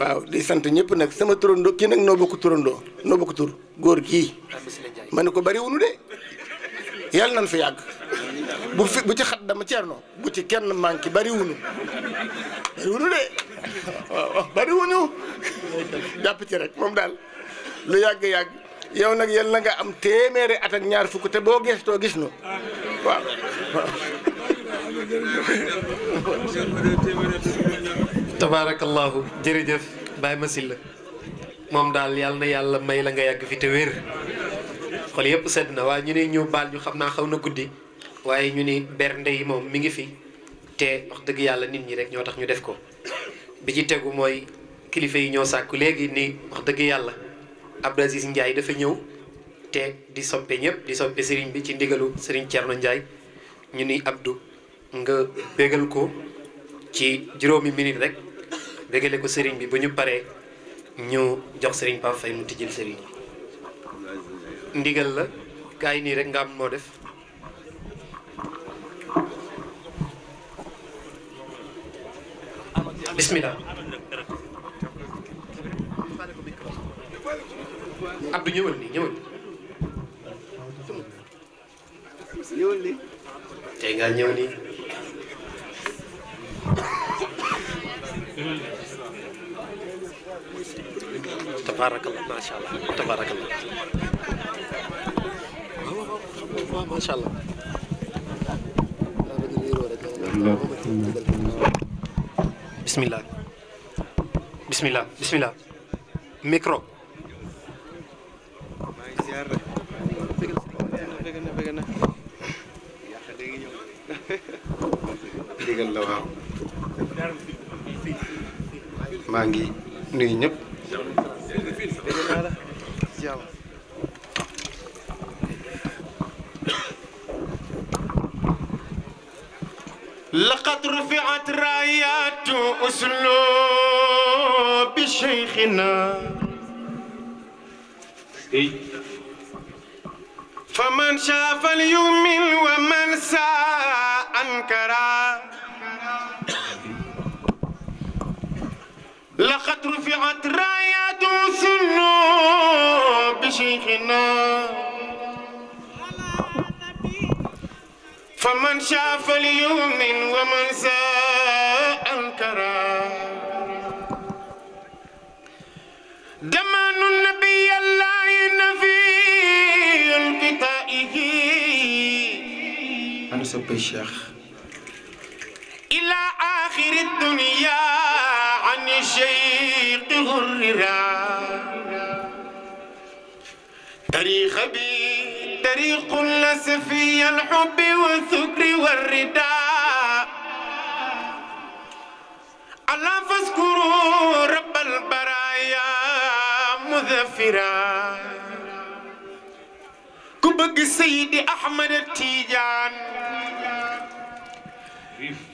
waaw di sant ñëpp nag sama turandoo kii nag noo bokk turandoo noo bokk tur góor gii ma ne ko bariwunu de yàlla nan fi yàgg bu fi bu ci xat dama cierno bu ci kenn wuñu bari wuñu de bari wuñu japp ci rek mom dal lu yag yag yow nak yel nga am téméré at ak ñaar fukk te boo gestoo gis nu waaw tabaarakallahu jërëjëf Baye Massila moom daal yàlla na yalla may la nga yag fi te xol sedna na ñu ne ñu bal ñu xamna xawna guddii waaye ñu ni bernde yi moom mi ngi fi te wax dëgg yàlla nit ñi rek ñoo tax ñu def ko bi ci tegu mooy kilifa yi ñoo sàkku léegi ni wax dëgg yàlla Abdou Aziz Ndiaye dafa ñëw te di soppe ñëpp di soppe sëriñ bi ci ndigalu sëriñ Thierno Ndiaye ñu ni Abdou nga bégal ko ci juróomi minute rek bégale ko sëriñ bi ba ñu paree ñu jox sëriñ Pape Faye mu tijjil sëriñ ndigal la kaay nii rek nga am moo def bismillah abdou ñëwal ni ñëwal ñëwal ni tey nga ñëw ni tabarakallah masyaallah tabarakallah Allah bismillah bismillah bismillah mikro, mangi, la waaw لقد رفعت رايات أسلوب شيخنا فمن شاف اليمن ومن ساء أنكرا لقد رفعت رايات أسلوب شيخنا فمن شاء فليؤمن ومن ساء انكرا دمان النبي الله نفي القتائه انا سبي الشيخ الى اخر الدنيا عن الشيخ غررا تاريخ بي طريق لسفي الحب والثكر والرداء ألا فاذكروا رب البرايا مذفرا كبك سيدي أحمد التيجان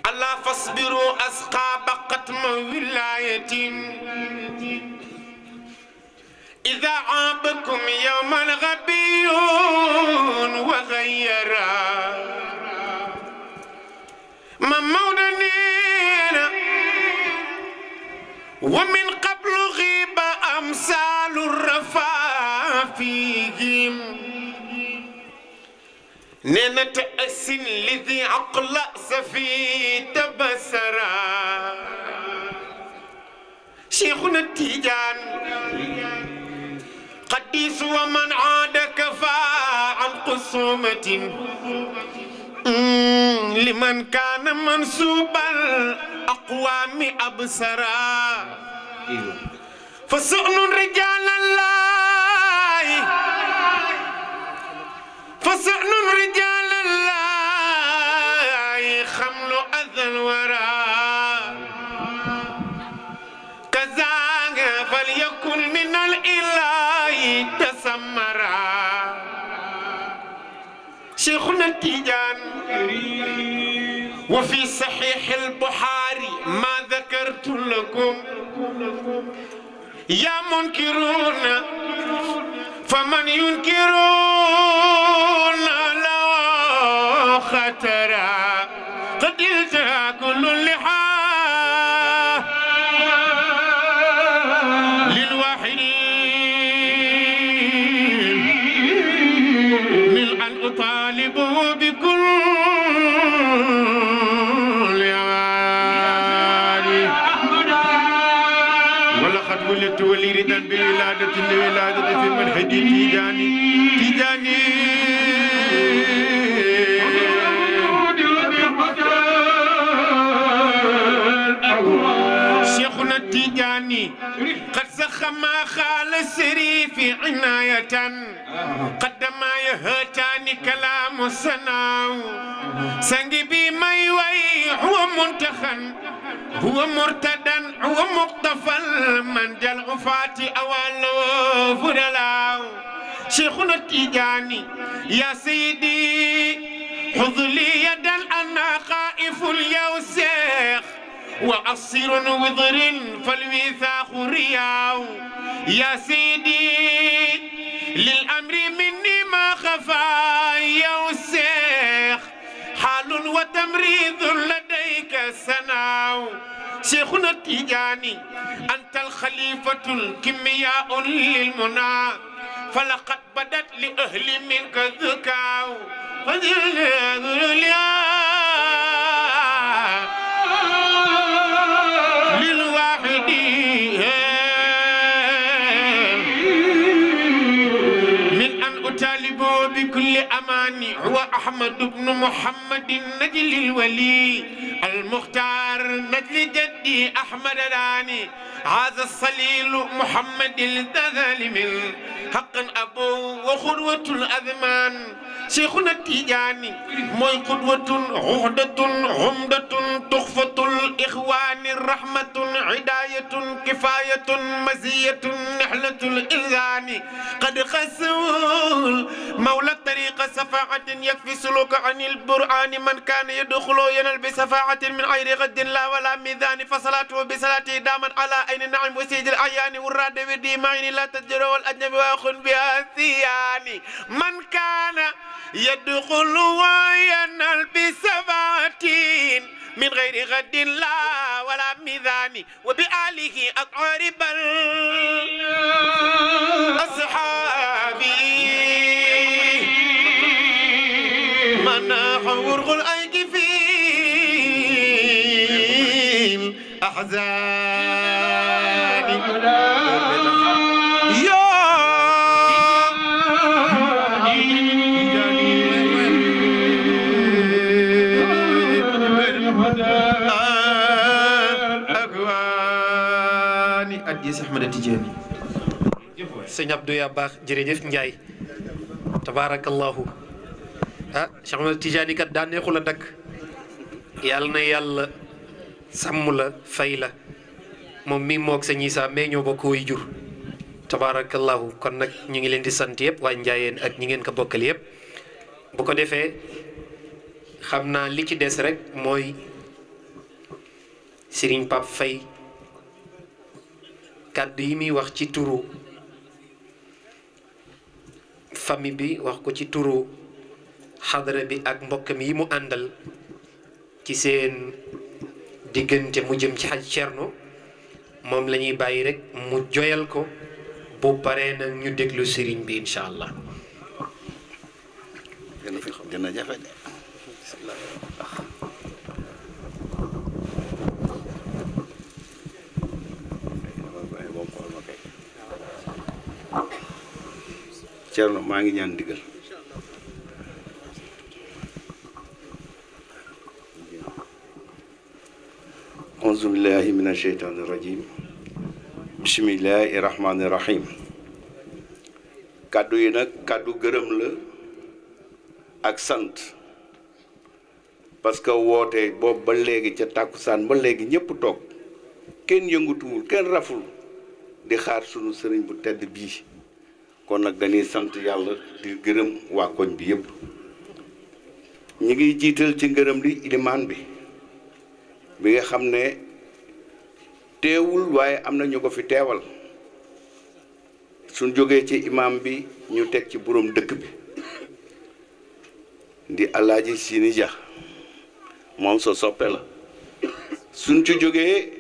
ألا فاصبروا أسقى بقت ولاية إذا عابكم يوم الغبيون وغيرا من مودنين ومن قبل غيب أمثال الرفا فيهم نينا لذي عقل سفي تبسرا شيخنا التيجان قديس ومن عادك فعن قصومة لمن كان منسوبا أقوام أبصرا فسؤن رجال الله فسؤن رجال الله خمل أذى الورى شيخنا التيجان وفي صحيح البحاري ما ذكرت لكم يا منكرون فمن ينكرون لا خطر قد يلتهى كل لحال كما خال السريف عناية قدما يهتاني كلام السنا سنجي بي مي وي هو منتخن هو مرتدا هو مقتفى من جل فاتي أول فدلاو شيخنا تيجاني يا سيدي حض لي يدا أنا خائف اليوس وأصير وضر فالوثاق رياو يا سيدي للأمر مني ما خفا يا الشيخ حال وتمريض لديك سناو شيخنا التيجاني أنت الخليفة الكيمياء للمنى فلقد بدت لأهل منك ذكاو فذل بكل أمان هو أحمد بن محمد نجل الولي المختار نجل جدي أحمد داني هذا الصليل محمد الظالم حقا أبو وخدوة الأذمان شيخنا التيجاني موي قدوة عهدة عمدة تخفة الإخوان رحمة عداية كفاية مزية نحلة الإنسان قد خسول مولى الطريق سفاعة يكفي سلوك عن البرآن من كان يدخل ينال بسفاعة من غير غد لا ولا ميذان فصلاته بصلاته داما على أين نعم وسيج الأعيان والراد بديمين لا تجر والأجنب وأخن بها الثياني من كان يدخل وينال بسفاعة من غير غد لا ولا ميذان وبآله أقارب أصحابي مناح ورغ الأيكفين أحزاني Aziz Ahmed Tidiane Abdou yaa baax jërëjëf tabarakallahu ah Cheikh Ahmad Tijaani kat daa neexul a dakk yàlla na yàlla sàmm la fay la moom mi moog sa ñiisaa mais ba bokk way jur tabaarakallahu kon nag ñu ngi leen di sant yëpp waaye njaayeen ak ñi ngeen ko bokkal yëpp bu ko defee xam naa li ci des rek mooy Serigne Pape Faye kàddu yi muy wax ci turu famille bi wax ko ci turu hadra bi ak mbokam yi mu andal ci seen diggante mu jëm ci xaj cerno mom lañuy bayyi rek mu joyal ko bu paree nag ñu déglu sëriñ bi incha allah gën a jafe de Cerno maa ngi ñaan ndigal auzu billahi min asheytaani rajim bismillahi rahmaani rahim kàddu yi nag kàddu gërëm la ak sant parce que woote boobu ba léegi ca tàkkusaan ba léegi ñépp toog kenn yëngutuwul kenn raful di xaar sunu sëriñ bu tedd bii kon nag dañuy sant yàlla di gërëm waa koñ bi yépp ñu ngi jiital ci ngërëm li ilimaan bi bi nga xam ne teewul waaye am na ñu ko fi teewal suñ jógee ci imam bi ñu teg ci boroom dëkk bi di alaaji siini Dia moom soo soppe la suñ ci jógee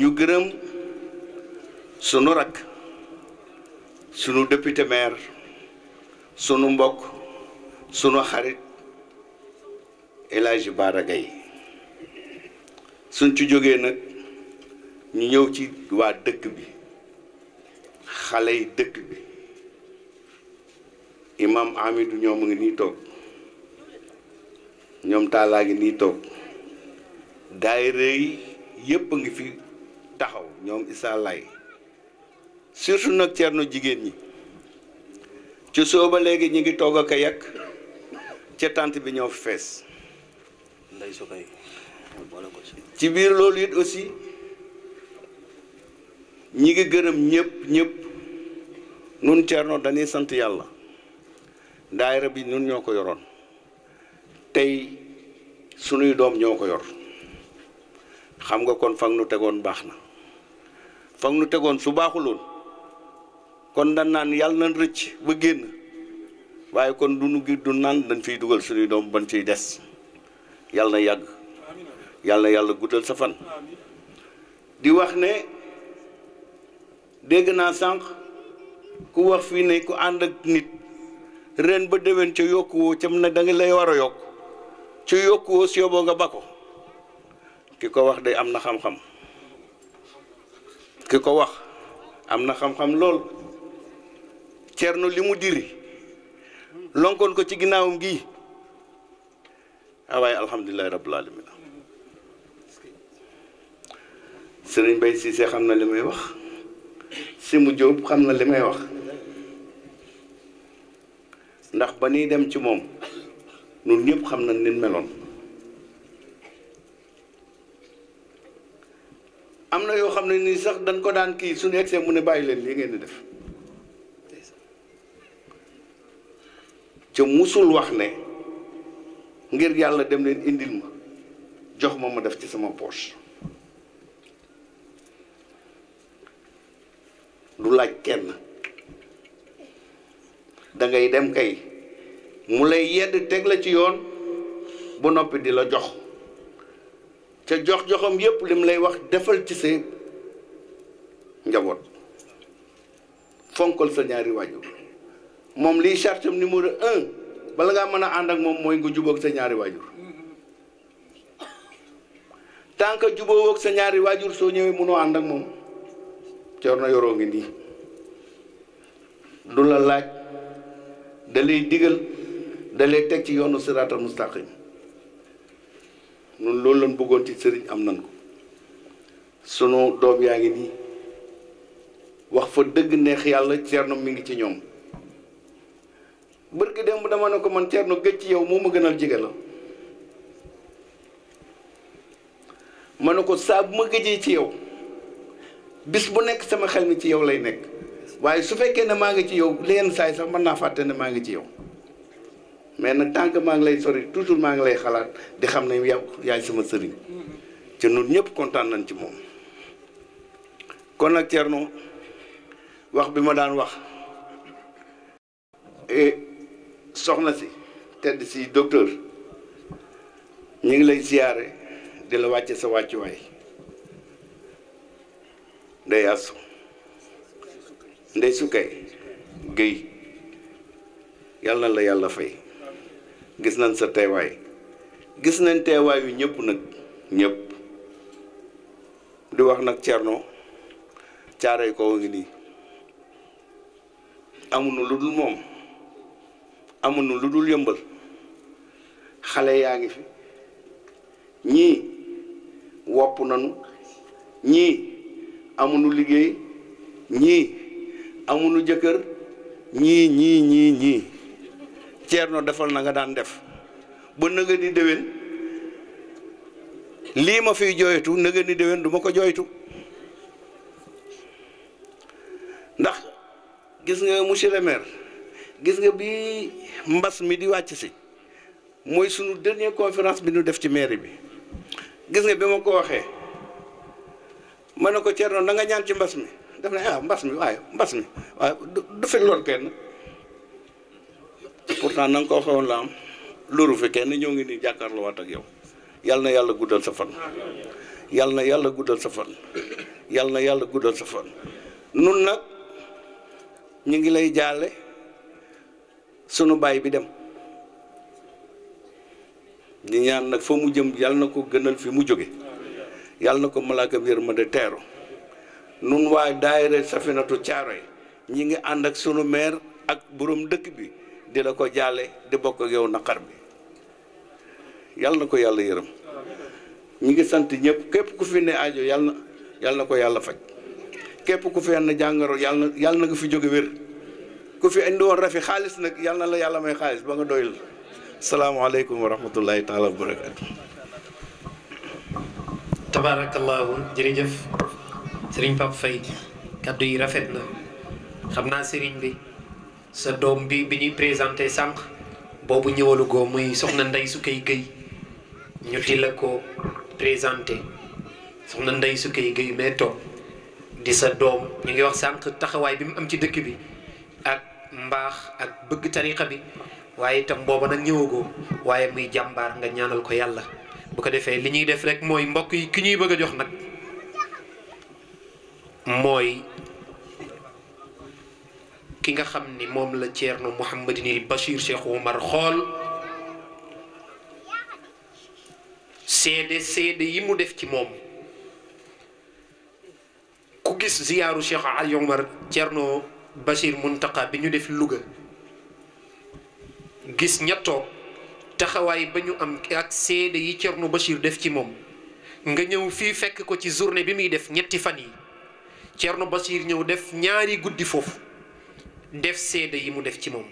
ñu gërëm sunu rakk sunu député maire sunu mbokk sunu xarit El Hadji Bara Gaye suñ ci jógee nag ñu ñëw ci waa dëkk bi xale yi dëkk bi imam Amidou ñoom ngi nii toog ñoom taalaa ngi nii toog daayira yi yépp a ngi fi taxaw ñoom Issa surtout nag ceerno jigéen ñi ci sooba léegi ñu ngi toog ak a yàq ca tànt bi ñoo fees nday su ci biir loolu it aussi ñi ngi gërëm ñëpp ñëpp nun cerno dañuy sant yàlla daayira bi nun ñoo ko yoroon tey sunuy doom yor xam nga kon fang nu tegoon baax na subahulun. nu tegoon su baaxuloon kon dan naan yàlla nan rëcc ba génn waaye kon du nu gi du naan dugal sunuy doom ban des yàlla na yàgg yalla yalla guddal sa fan di wax ne deg na sank ku wax fi ne ku and ak nit ren ba ci ca wo ci na da nga lay wara yok ci ci wo si yobo nga bako kiko ko wax day amna xam-xam kiko wax amna xam-xam lol cerno limu diri lonkon ko ci ginnaawam gii waaye alhamdullilah rabbil alamin Serigne Mbaye Cissé xam na li may wax Simou Diop xam na li may wax ndax ba ñuy dem ci moom ñun ñëpp xam na ni meloon am na yoo xam ne nii sax dañ ko daan kii suñu egsee mu ne bàyyi leen lii ngeen di def ca musul wax ne ngir yàlla dem leen indil ma jox ma mu def ci sama poche du laaj kenn dangay dem kay mu lay yedd teg la ci yoon bu noppi di la jox ca jox joxam yépp li mu lay wax defal ci sa njaboot fonkal sa ñaari waajur moom liy chartam numéro un bala ngaa mën a ànd ak moom mooy nga jubóog sa ñaari waajur tant que jubóog sa ñaari waajur soo ñëwee mënoo ànd ak moom na yoroo ngi nii du la laaj da lay digal da teg ci yoonu siraatal mustaqim ñun loolu lañ bëggoon ci sëriñ am nan ko sunu doom yaa ngi nii wax fa dëgg neex yàlla Cerno mi ngi ci ñoom bërki démb dama ne ko man Cerno gëj ci yow moo ma gënal jege la ma ne ko saa bu ma gëjee ci yow bis bu nekk sama xel mi ci yow lay nekk waaye su fekkee ne maa ngi ci yow leen saay sax mën naa fàtte ne maa ngi ci yow mais na tànk maa ngi lay sori toujours maa ngi lay xalaat di xam ne yow yaay sama sëriñ ci noonu ñëpp kontaan nañ ci moom. kon nag Thierno wax bi ma daan wax e, soxna si tedd si docteur ñu ngi lay ziyaare di la wàcce sa wàccuwaay. Ndeye Assou Ndeye Sukay Guèye yàlla la yàlla fay gis nañ sa teewaay gis nañ teewaayu ñëpp nag ñëpp di wax nag Thierno caaray ko ngi nii amuñu lu dul moom amuñu lu dul yëmbal xale yaa ngi fi ñii wopp nañu ñii amuñu liggéey ñii amuñu jëkkër ñii ñii ñii ñii noo defal na nga daan def ba nëga di lii ma fiy jooytu nëga di duma ko jooytu ndax gis nga monsieur le maire gis nga bi mbas mi di wàcc si mooy sunu dernier conférence bi ñu def ci mairie bi gis nga bi ma ko waxee ma ne ko Thierno na nga ñaan ci mbas mi daf ne ah mbas mi waaye mbas mi waaye du fi lor kenn pourtant ko waxee woon ngi nii jàkkaarloowaat ak yow yal na yàlla guddal sa fan. yal na yàlla guddal sa fan yal na yàlla guddal sa fan nun nag ñu ngi lay jaale sunu baay bi dem ñu ñaan nag foo mu jëm yal na ko gënal fi mu jóge yàlla na ko malaaka bi yërmande teeru nun waa daayira safinatu caaroy ñi ngi ànd ak sunu maire ak borom dëkk bi di la ko jaale di bokk ak yow naqar bi yàlla na ko yàlla yërëm ñi ngi sant ñëpp képp ku fi ne aajo yàlla na yàlla na ko yàlla faj képp ku fi yenn jàngoro yàlla na yàlla na nga fi jóge wér indi woon rafi xaalis nag yàlla na la yàlla may xaalis ba nga doyul salaamaaleykum wa rahmatullahi taala wa barakatu tabaarakallaahu jërëjëf sëriñ Pape Faye kàddu yi rafet na xam naa sëriñ bi sa doom bi bi ñuy présenté sànq boobu ñëwalugoo muy soxna Ndey su Sukay Gëy ñu di la ko présenté soxna Ndey su Gëy mais toog di sa doom ñu ngi wax sànq taxawaay bi mu am ci dëkk bi ak mbaax ak bëgg tariqa bi waaye itam booba nag ñëwagoo waaye muy jàmbaar nga ñaanal ko yàlla bu ko defee li ñuy def rek mooy mbokk yi ki ñuy bëgg a jox nag mooy ki nga xam ni moom la Ceerno Mouhamadinil bashir Cheikh omar xool seede seede yi mu def ci moom ku gis ziyaaru Cheikh Ali omar Ceerno bashir Muntaka bi ñu def luga gis ña toog taxawaay ba ñu am ak seede yi Thierno Bachir def ci moom nga ñëw fii fekk ko ci journée bi muy def ñetti fan yi Thierno Bachir ñëw def ñaari guddi foofu def seede yi mu def ci moom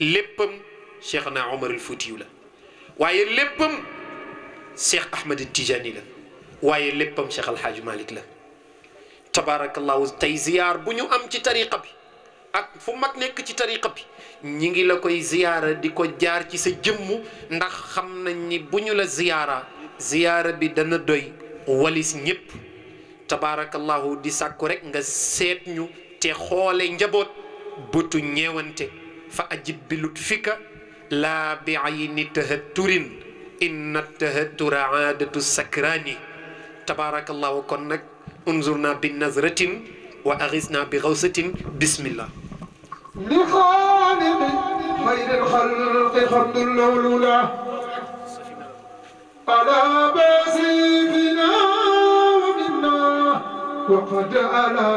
léppam Cheikh na Omar al Foutiyu la waaye léppam Cheikh Ahmed Tijani la waaye léppam Cheikh Al Hadj Malick la tabaarakallahu tey ziyaar bu ñu am ci tariqa bi ak fu mag nekk ci tariqa bi. ñi ngi la koy ziyaara di ko jaar ci sa jëmm ndax xam nañ ni bu ñu la ziyaara ziyaara bi dana doy walis ñépp tabaarakallahu di sàkku rekk nga seet ñu te xoole njaboot bëtu ñeewante fa ajib bi lutfika laa bi ayni tahatturin inna tahattura aadatu sakraani tabaarakallahu kon nag unzurna bi nazratin wa agisna bi gawsatin bismillah لخالق خير الخلق خمد العلولا على باسيفنا ومنا وقد ألا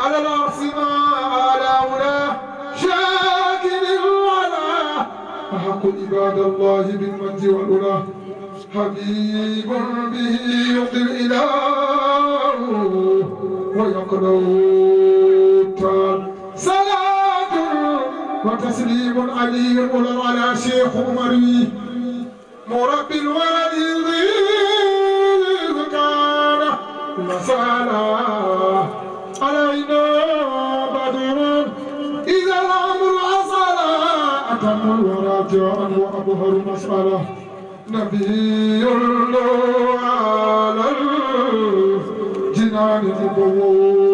على العرس ما على ولا شاكر الولا أحق عباد الله بالمجد والولا حبيب به يقدر إله ويقدر صلاة وتسليم علي الأولر على شيخ عمري مرب الولد إذ كان مسالا علينا بدرا إذا الأمر أصلا أتم الورى وأظهر وأبهر مسألة نبي الله على الجنان مبوب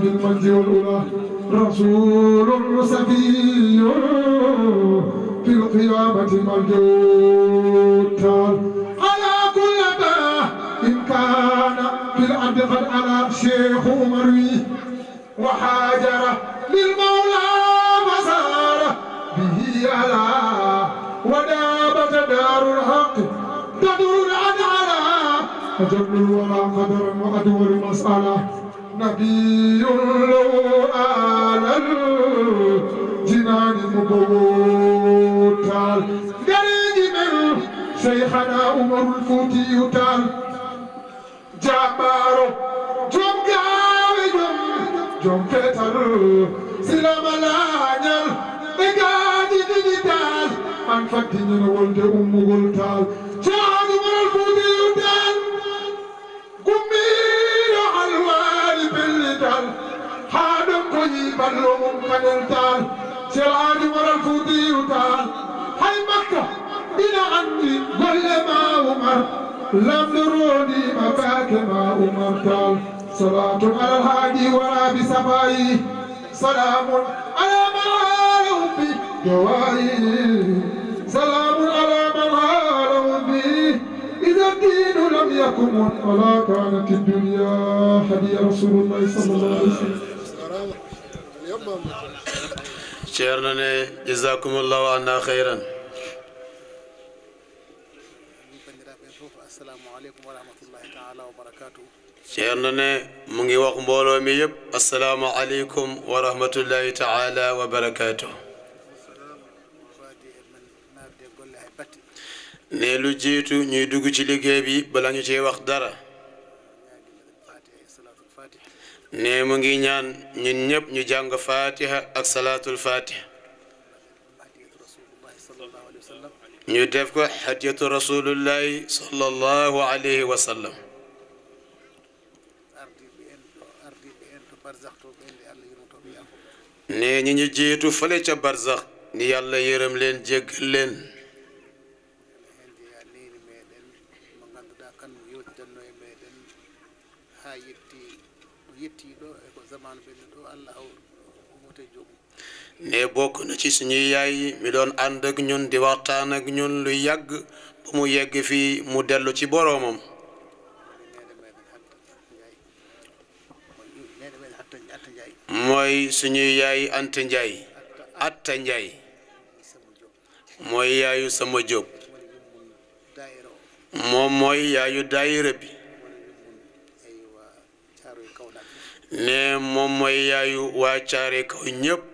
سيد المجد والأولى رسول سفي في القيامة مرجوت على كل ما إن كان في الأرض قد على شيخ مروي وحاجر للمولى مسار به على ودابت دار الحق تدور عن على أجر الورى قدرا وأدور مسألة نبي لو آل الجنان مبوتال دريد من شيخنا عمر الفوتي تال جابارو جم جاوي جم جم فتر سلام لانيال بقادي ديتال أنفتنين ولد أم قلتال جاوي عمر الفوتي بدر ممكن تعال ورا الفوتي وتعال حي مكة إلى عندي ولا ما عمر لم نروني ما فات ما عمر تعال صلاة على الهادي ولا بسباي سلام على من هاله بالجواري سلام على من هاله به إذا الدين لم يكن ولا كانت الدنيا هدي رسول الله صلى الله عليه وسلم Ceerno ne jazakumullahu anna xayran Ceerno ne mu ngi wax mbooloo mi yëpp assalaamu aleykum wa taala wa ne lu jiitu ñuy dugg ci liggéey bi bala ñu cee wax dara ne mu ngi ñaan ñun ñëpp ñu jàng fatiha ak salaatul fatiha ñu def ko hadiyatu rasulullahi sallallahu ñi ñu jiitu fa ca barzax ni yàlla yërëm leen jéggal leen ne bokk na ci suñuy yaay mi doon ànd ak ñun di waxtaan ak ñun lu yàgg ba mu yegg fii mu dellu ci boroomam mooy suñuy yaay Anta Njaay Atta Njaay mooy yaayu sama jóob moom mooy yaayu daayira bi ne moom mooy yaayu waa caare kaw ñépp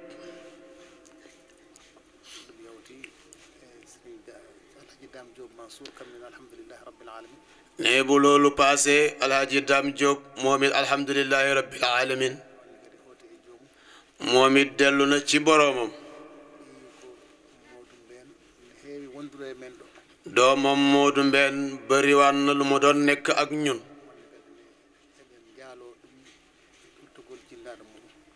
ne bu loolu paase alhaji Dame Diop moom it alhamdulilahi alamin moom dellu na ci boroomam doomam Modou Mbène bariwaan na lu ma doon nekk ak ñun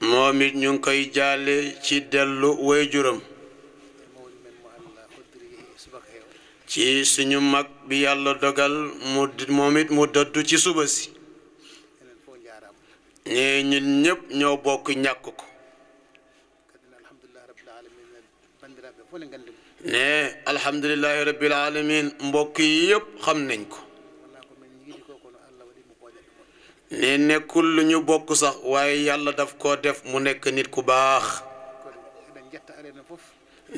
moom it ñu ngi koy jaale ci dellu waajuram ci suñu mag bi yàlla dogal mu moom it mu dëddu ci suba si ne ñun ñëpp ñoo bokk ñàkk ko ne alhamdulillahi rabbil alamin mbokk yi yëpp xam nañ ko ne nekkul lu ñu bokk sax waaye yàlla daf koo def mu nekk nit ku baax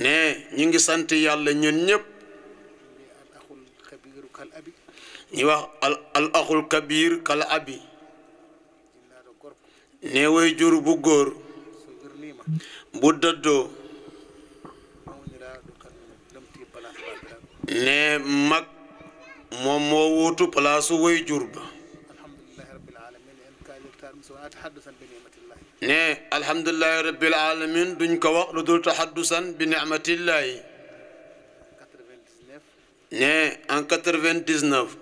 ne ñu ngi sant yàlla ñun ñëpp نيوخ الاخ الكبير كالابي نيوي جور بو غور بو ددو ني ماك موم مو ووتو بلاصو وي جور با نه الحمد لله رب العالمين دون كواق لدول تحدثا بنعمة الله نه عن 99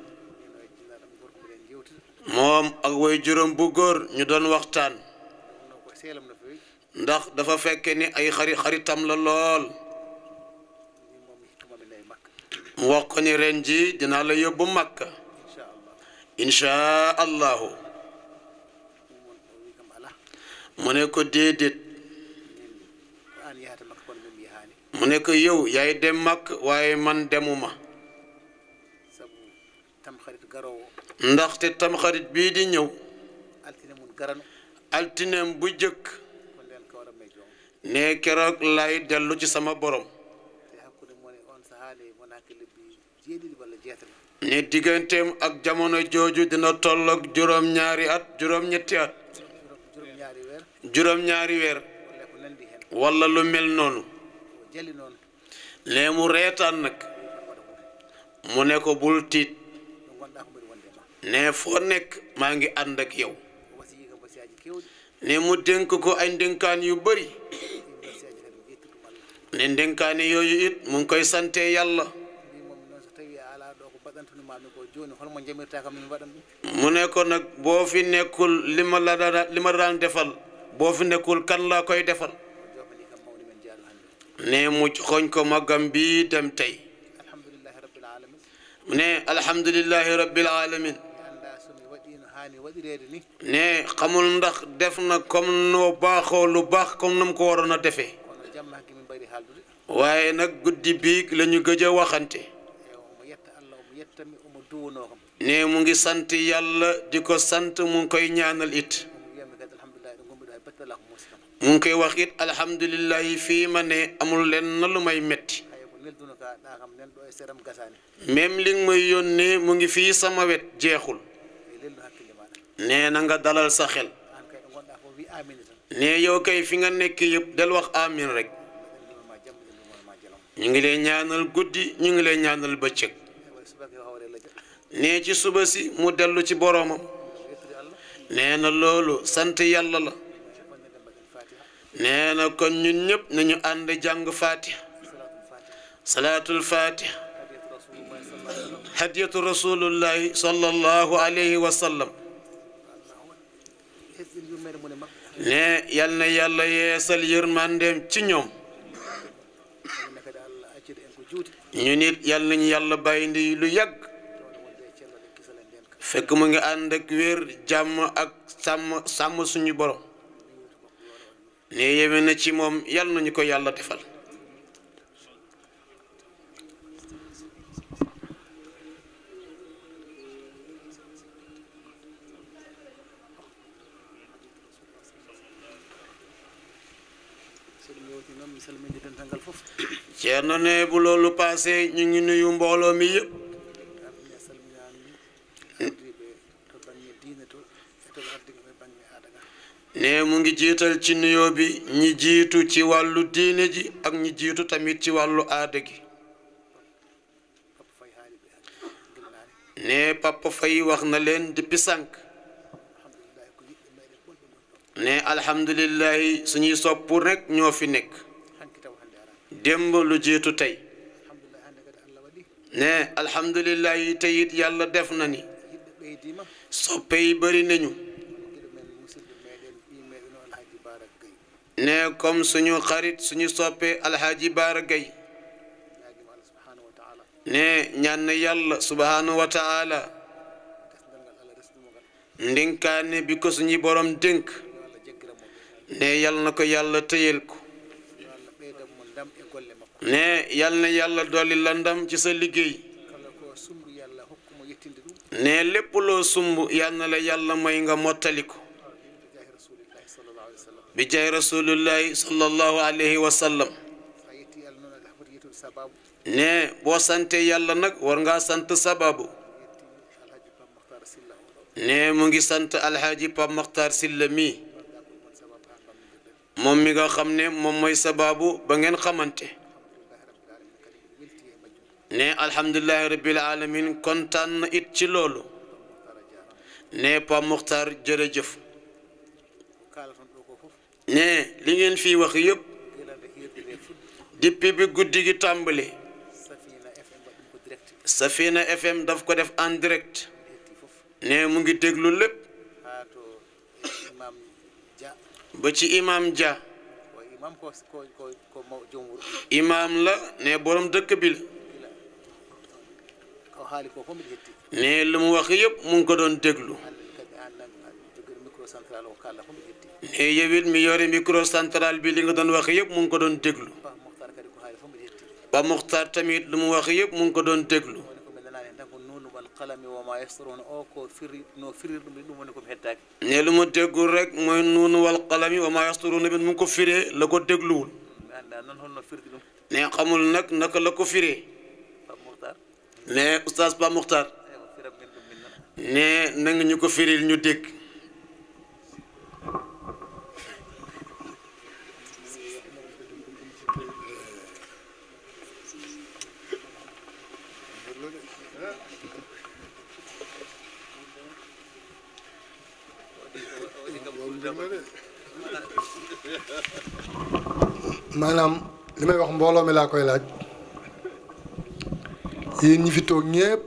moom ak way juróom bu góor ñu doon waxtaan ndax dafa fekke ni ay xarit xaritam la lool mu wax ko ni ren ji dinaa la yóbbu Makka inchaa allahu mu ne ko déedéet mu ne ko yow yaay dem Makka waaye man demuma tam xarit ndaxte tamxarit bii di ñëw altineem bu jëkk ne keroog lay dellu ci sama borom ne digganteem ak jamono jooju dina tolloog juróom-ñaari at juróom-ñetti at juróom-ñaari weer walla lu mel noonu lee mu reetaan nag mu ne ko bul tiit ne foo nekk maa ngi ànd ak yow ne mu dénk ko ay ndénkaan yu bari ne ndénkaane yooyu it mu ngi koy sante yàlla mu ne ko nag boo fi nekkul li ma la li ma daan defal boo fi nekkul kan laa koy defal ne mucc joxoñ ko magam bi dem tey ne alhamdulillahi rabbil alamin ne xamul ndax def na comme no baaxoo lu baax comme na mu ko waroon a defee waaye nag guddi bii la ñu gëj a waxante ne mu ngi sant yàlla di ko sant mu ngi koy ñaanal it mu ngi koy wax it alhamdulillahi fii ma ne amul leen na lu may metti même li nga may yónnee mu ngi fii sama wet jeexul nee na nga dalal sa xel nee yow kay fi nga nekk yëpp del wax amin rek ñu ngi lay ñaanal guddi ñu ngi lay ñaanal bëccëg nee ci suba si mu dellu ci boroomam nee na loolu sant yàlla la nee na kon ñun ñëpp nañu ànd jàng faatiha salaatul faatiha hadiyatu rasulullahi sallallahu alayhi wa ne yal na yàlla yeesal yërmandeem ci ñoom ñu nit yal nañu yàlla bàyyi ndi lu yàgg fekk mu ngi ànd ak wér jàmm ak sàmm sàmm suñu borom ne yéeme na ci moom yal nañu ko yàlla defal Ceerno ne bu loolu paasee ñu ngi nuyu mbooloo mi yëpp ne mu ngi jiital ci nuyoo bi ñu jiitu ci wàllu diine ji ak ñu jiitu tamit ci wàllu aada gi ne Papa wax na leen depuis sànq ne alhamdulillahi suñuy soppu rekk ñoo fi nekk démb lu jiitu tey ne alhamdulillahi tey yàlla def na ni soppe yi bëri nañu ne comme suñu xarit suñu soppe alhaaji baara gay ne ñaan yàlla subaanu wa taala bi ko suñu borom dénk ne yàlla na ko yàlla téyel ko ne yal na yàlla dolli landam ci sa liggéey ne lépp loo sumb yal yàlla may nga mottali bi jaay rasulullahi sallallahu alayhi wa sallam ne boo santee yàlla nag war ngaa sant sababu ne mu ngi sant alxaaji Pape Makhtar Sylla mi moom mi nga xam ne moom mooy sababu ba ngeen xamante ne alhamdulillah rabbil alamin kontaan na it ci lolu ne muxtar jere jef ne li ngeen fi wax yeb depuis bi guddi gi tàmbali Safina FM daf ko def en direct ne mu ngi déglu lépp ba ci imam ja imam la ne borom dëkk bi la ne lu mu wax yëpp mu ngi ko doon déglu. ne yow it mi yore micro central bi li nga doon wax yëpp mu ngi ko doon déglu. ba Muxtaar tamit lu mu wax yëpp mu ngi ko doon déglu. ne lu ma déggul rek mooy nuunu wal wa maa yasturuuna bi mu ngi ko firee la ko dégluwul. ne xamul nag naka la ko firee. ne oustaz Pape Mokhtar ne na ñu ko firil ñu dégg may wax mbooloo mi laa koy laaj yéen ñi fi toog ñépp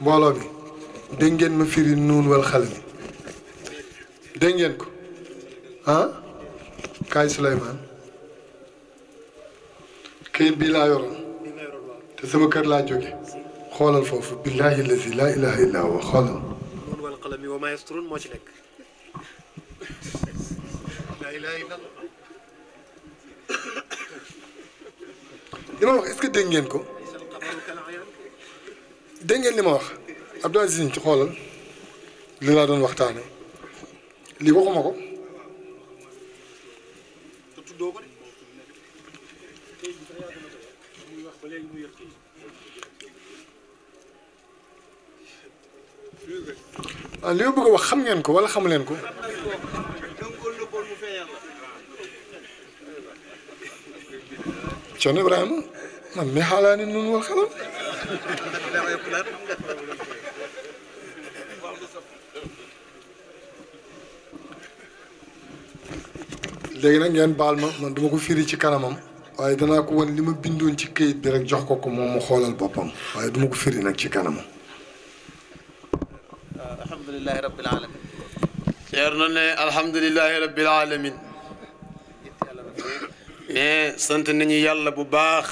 mbooloo mi dégg ngeen ma firi nuun wal xal mi dégg ngeen ko ah kaay Souleymane këyit bii laa yoroon te sama kër laa jóge xoolal foofu billahi lazi laa ilaha illa huwa xoolal nuun wal xal mi wa maa yasturuun moo ci nekk laa ilaha illa li ma wax est-ce que dégg ngeen ko dégg ngeen li ma wax Abdou Aziz ci xoolal li laa doon waxtaane lii waxuma ko ah, li ma bëgg a wax xam ngeen ko wala xamu leen ko Cerno man mi xaalaa ni nun wal xalam léegi nag ngeen baal ma man duma ko firi ci kanamam waaye danaa ko wan li ma bindoon ci këyit bi rek jox ko ko moom mu xoolal boppam waaye duma ko firi nag ci kanamam alhamdulillahi rabbil alamin ceer na ne alhamdulillahi rabbil alamin ne sant nañu yàlla bu baax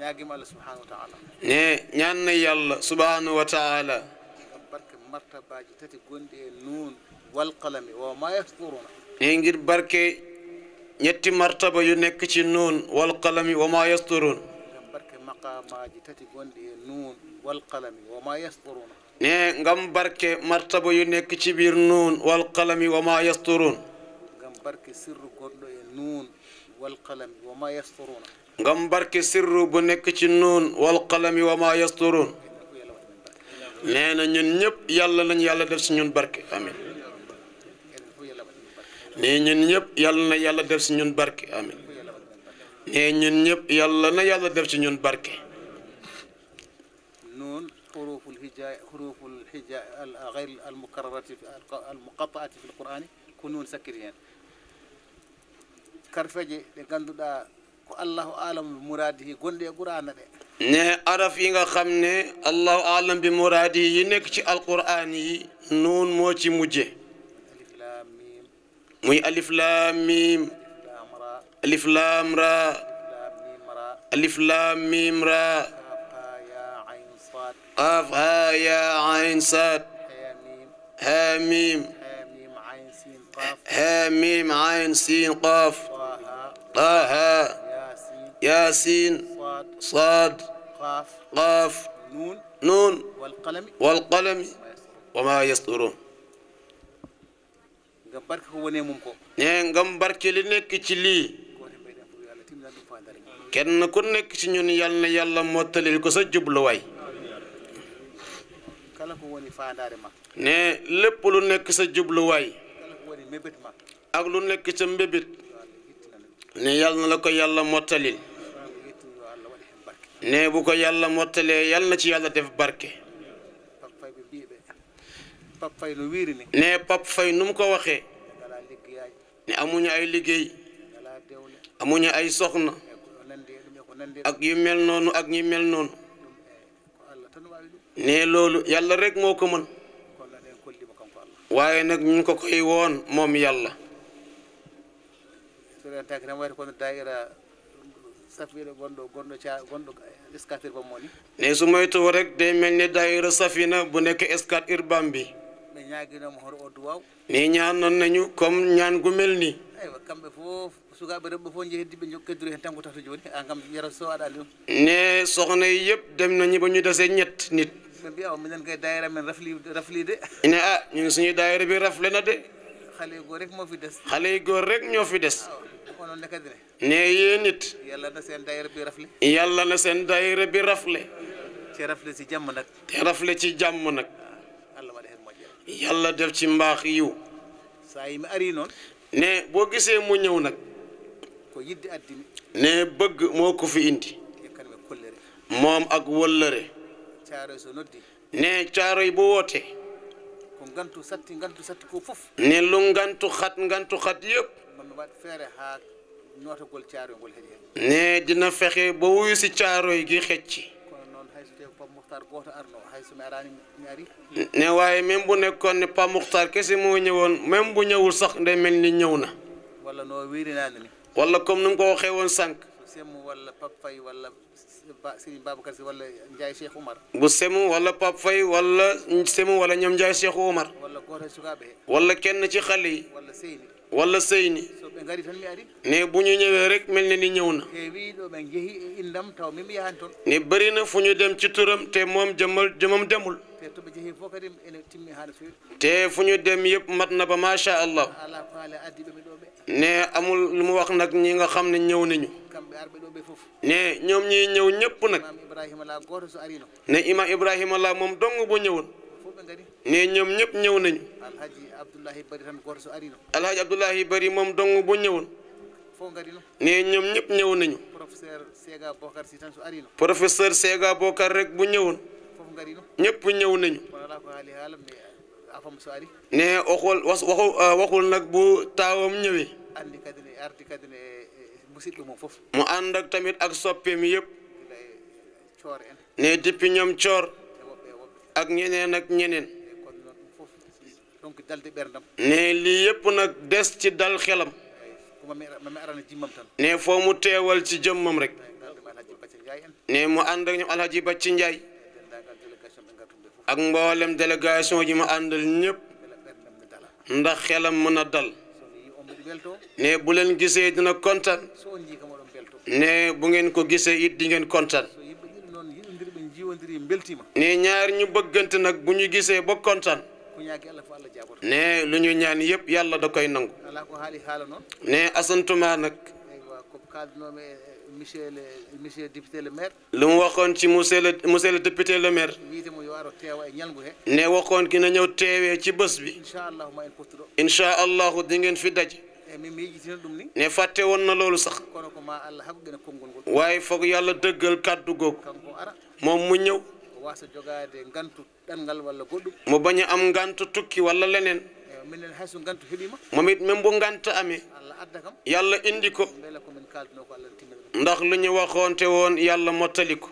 ñaagim Allah subhanahu wa taala ne ñaan na yàlla subhanahu wa taala barke martabaji tati gonɗi e ne ngir barke ñetti martaba yu nekk ci nuun walqalami wa ma e ma yasturuna ne ngam barke martaba yu nekk ci biir nuun walqalami wa ma والقلم وما يسطرون ngam barke sirru bu nekk ci nuun wal qalami wa ma yasturuun nee na ñun ñëpp yàlla nañ yàlla def si ñun barke amin nee ñun ñëpp yàlla na yàlla def si ñun barke amin nee ñun ñëpp yàlla na yàlla def si ñun barke nuun حروف الهجاء حروف الهجاء غير المكررة المقطعة في القرآن كنون سكريان karfeje ɗe ngannduɗaa ko allahu alam muradihi gonɗi e qur'ana ɗe ne araf yi nga xam ne allahu alam bi muraadi yi nekk ci alqur'aan yi noon moo ci mujje muy alif laam miim alif laam ra alif laam miim ra qaaf haa yaa ayn saad haa miim haa miim ayn siin qaaf طه ياسين صاد قاف قاف نون نون والقلم والقلم وما يسطرون ngam barke ko woni mum ko ne ngam barke li nekk ci lii kenn ku nekk ci ñun yal na yàlla mottalil ko sa jubluwaay kala ko woni faandaare ma ne lépp lu nekk sa jubluwaay ak lu nekk sa mbébét ne yal na la ko yàlla mottalil ne bu ko yàlla mottalee yal na ci yàlla def barke ne Pape Faye nu mu ko waxee ne amuñu ay liggéey amuñu ay soxna ak yu mel noonu ak ñi mel noonu ne loolu yàlla rek moo ko mën waaye nag ñu ko koy woon moom yàlla en tant que tan wayta kono daira safina gonɗo gonɗo ca gonɗo scat urbam moni ne so moytoo rek day mel ni daira safina bu nekk scat urbam bi ɓe ñaguinoma hoto o duwaw ni ñaan noon nañu comme ñaan gu mel ni eywa kamɓe fof sukaɓe rewɓe fof jeeheddi ɓe keddori hen tan ko tafta joni an ah, kam yara so aɗa andi ne sohna yëpp dem nañu ba ñu dese ñett nit ɓe mbiya o minen kay daira a ñun suñu daira bi rafle de xale yu góor rek ñoo fi des ne yéen it. yàlla na seen daayira bi rafle. yàlla na seen daayira bi rafle. te rafle ci jàmm nag. te ci jàmm nag. Ah, yàlla def ci mbaax yiw. saa ne boo gisee moo ñëw nag. ko ne bëgg moo ko fi indi. moom ak wëllëre. caaro so ne caaro yi bu wootee. ko ngantu satti ngantu ne lu ngantu xat ngantu xat yëpp. ne dina fexe ba wuyu si caaroy gi xëcc. ne waaye même bu nekkoon ne Pa Muxtaar kese moo ñëwoon même bu ñëwul sax day mel ni ñëw na. wala comme nu mu ko waxee woon sànq. bu semu wala Pape Faye wala semu wala ñoom Njaay Cheikh Oumar. wala kenn ci xale yi. walla seyni ne bu ñu ñëwee rek mel ne ni ñëw na ne bëri na fu ñu dem ci turam te moom jëmal jëmam demul te fu ñu dem yëpp mat na ba macha allah ne amul lu mu wax nag ñi nga xam ne ñëw nañu ne ñoom ñi ñëw ñëpp nag ne imam ibrahima la moom dong bu ñëwoon ne ñoom ñëpp ñëw nañu Allah Bari beri Alhaji Profesor Bari mom dong bu ne ñom ñep ñew nañu professeur Sega Bokar tan Sega Bokar rek bu ñëwoon fo ngari nañu ne ah, waxul ah, waxul waxul nak bu tawam ñëwee andi kadi arti mo fof ak tamit ak soppeem yep eh, ne depuis ñom cior ak ñeneen ak ñeneen donc dal di berndam lii yëpp nag des ci dal xelam ne foo mu teewal ci jëmmam rek ne mu ànd ak ñoom ci Bacci Njaay ak mboolem délégation ji mu àndal ñëpp ndax xelam mën a dal ne bu leen gisee dina kontaan ne bu ngeen ko gisee it di ngeen kontaan ne ñaar ñu bëggante nag bu ñu gisee ba kontaan ne lu ñu ñaan yëpp yàlla da koy nangu. ne asantuma nag. monsieur le monsieur député le maire. lu mu waxoon ci monsieur le monsieur le député le maire. ne waxoon ki na ñëw teewee ci bés bi. incha allahu di ngeen fi daj. ne fàtte woon na loolu sax. waaye foog yàlla dëggal kàddu googu. moom mu ñëw. wasa jogaade ngantu ɗanngal walla goɗɗum mo baña am ngantu tukki walla lenen minen hayso ngantu heɓima momit min bo nganta ami allah adda kam yalla indi ko beela komin kalduno ko allah timmin ndax lu ñu waxoonte woon yàlla mottali ko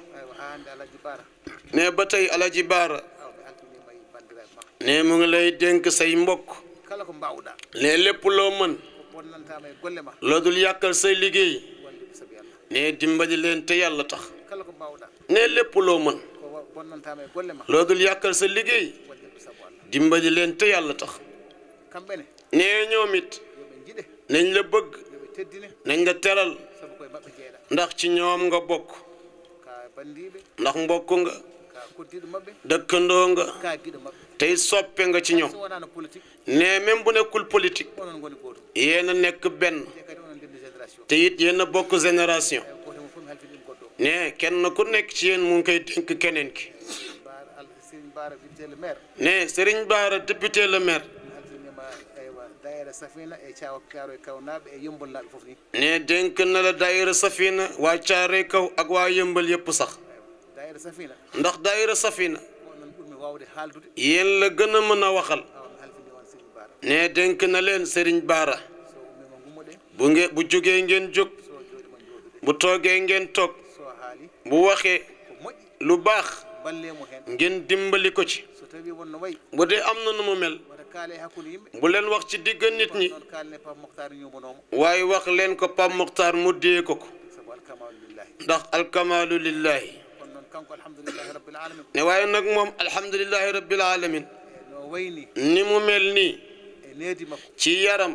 ne ba tey alaji baara e ne mu ngi lay dénk say mbokk ne lépp loo mën e loo dul yàkkal say liggéey ne dimbali leen te yàlla tax ne lépp loo mën loo dul yàkkal sa liggéey dimbali leen te yàlla tax nee ñoom it nañ la bëgg nañ la teral ndax ci ñoom nga bokk ndax mbokk nga dëkkandoo nga tey soppe nga ci ñoom nee même bu nekkul politique yéen a nekk benn te it yéen a bokk génération. ne kenn ku nekk ci yéen mu ngi koy dénk keneen ki. ne Serigne Bara député le maire. ne dénk na la daayira Safina waa Caaroy kaw ak waa yëmbal yëpp sax. ndax daayira Safina. yéen la gën a mën a waxal. ne dénk na leen Serigne baara bu jóge ngeen jóg. bu toogee ngeen toog. bu waxee lu baax ngeen dimbali ko ci bu dee am na nu mu mel bu leen wax ci digg nit ñi waaye wax leen ko Pape Mokhtar mu dee ko ko ndax alkamaalu lillahi ne waaye nag moom alhamdulillahi rabbil alamin ni mu mel nii ci yaram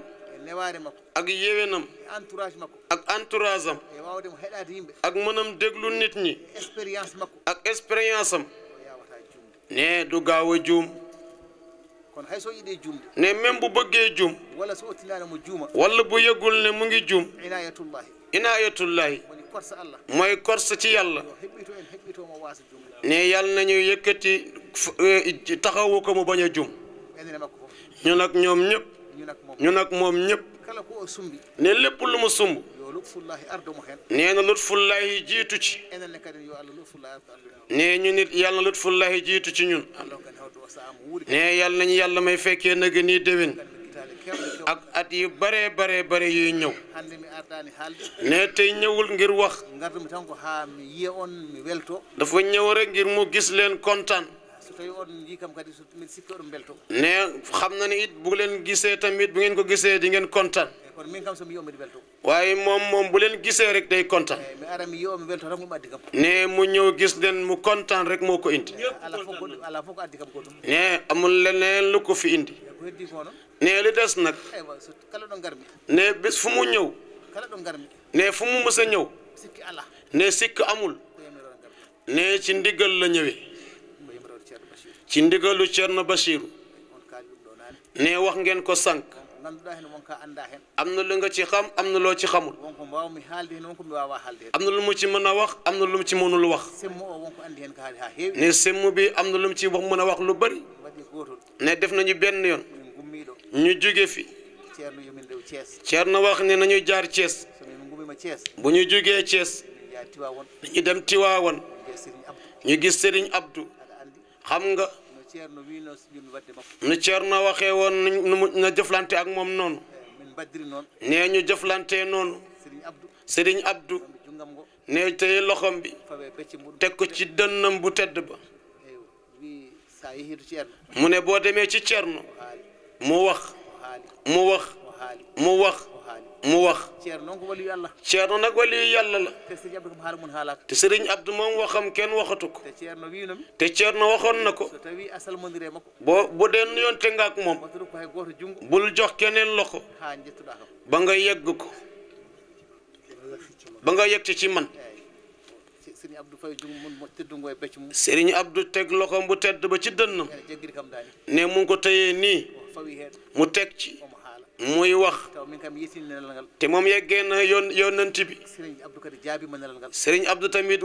ak yéwénam entourage makko ak entourage am eh, ak mënam déglu nit ñi expérience makko ak expérience am oh, ne du gaaw a juum kono hay so yiɗi juumde ne même bu bëggee juum wala so ottinaani mo juuma walla bu yëgul ne mu ngi juum inayatullahi inayatullahi mooy korse ci yàlla ne yàlla nañu yëkkati eh, taxawu ko mu bañ a juum ñu nag ñoom ñëpp ñu moom ñëpp ne lépp lu mu sumb nee na lutfullahi jiitu ci nee ñu nit yàlla na lutfullahi jiitu ci ñun nee yàlla nañu yàlla may fekkee nag nii déwén ak at yu bare bare bare yuy ñëw ne tey ñëwul ngir wax dafa ñëw rek ngir mu gis leen kontaan ne xam na ni it bu leen gisee tamit bu ngeen ko gisee di ngeen kontaan eh, waaye moom moom bu leen gisee rek day kontan eh, ne mu ñëw gis leen mu kontan rek moo ko indi ne amul leneen lu ko fi indi eh, ne li des nag ne bés fu mu ñëw ne fu mu a ñëw ne sikk amul ne ci ndigal la ñëwee ci ndigalu Cerno Bachiru ne wax ngeen ko sànq am na lu nga ci xam am na ci xamul am na lu mu ci mën a wax am na lu mu ci mënul wax ne semm bi am na lu mu ci wax mën a wax lu bari ne def nañu benn yoon ñu jóge fi Cerno wax ne nañu jaar Cees bu ñu jógee Cees ñu dem won ñu gis Sëriñ Abdu xam nga nu na waxee woon nu mu na jëflante ak moom noonu eh, nee ñu jëflantee noonu Sëriñ Abdu nee tey loxom bi teg ko ci dënnam bu tedd ba eh, mu ne boo demee ci Ceerno mu wax mu wax mu wax mu wax ceerno nag wali yu yàlla la te sëriñ abdu moom waxam kenn waxatu ko te na waxoon na ko boo bu deen yonte nga ak moom bul jox keneen loxo ba nga yegg ko ba nga yegg ci man sëriñ abdu teg loxo mu tedd ba ci dënnam ne mu ko téyee nii mu teg ci muy wax te moom yeggee na yoon yónnent bi sëriñ Abdou tamit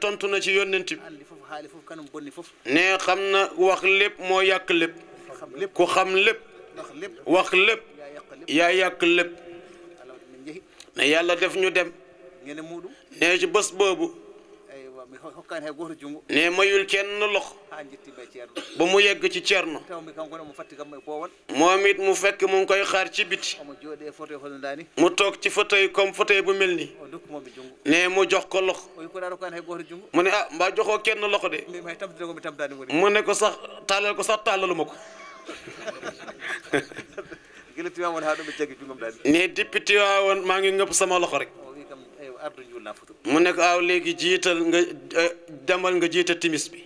tontu na ci yónnent bi ne xam na wax lépp moo yàq lépp ku xam lépp wax lépp yaa yàq lépp ne yàlla def ñu dem ne ci bés boobu ne mayul kenn loxo ba mu yegg ci Ceerno moom it mu fekk mu ngi koy xaar ci biti e mu toog ci fauteuil comme fauteuil bu mel nii ne mu jox ko loxo mu ne ah mbaa joxoo kenn loxo de mu ne ko sax taalal ko sax taalaluma ko ne député waawoon maa ngi ngëpp sama loxo rek mu ne ko aw léegi jiital nga eh, demal nga jiita timis bi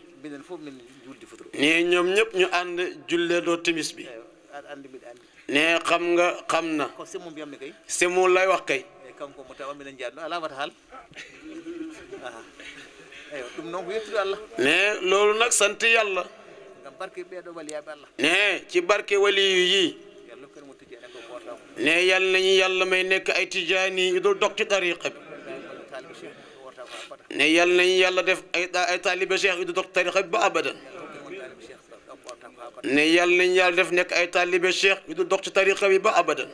nee ñoom ñëpp ñu ànd julleedoo timis bi nee xam nga xam na se mu lay wax kay eh, nee loolu nag sant yàlla nee ci barke waliyu yi nee yàlla nañu yàlla may nekk ay tijaani yu dog ci tariqa bi ne yal nañ yàlla def ay ay taalibe cheikh yu du dog tarixa ba abadan ne yal nañ yàlla def nekk ay taalibe cheikh yu du dog ci tarixa bi ba abadan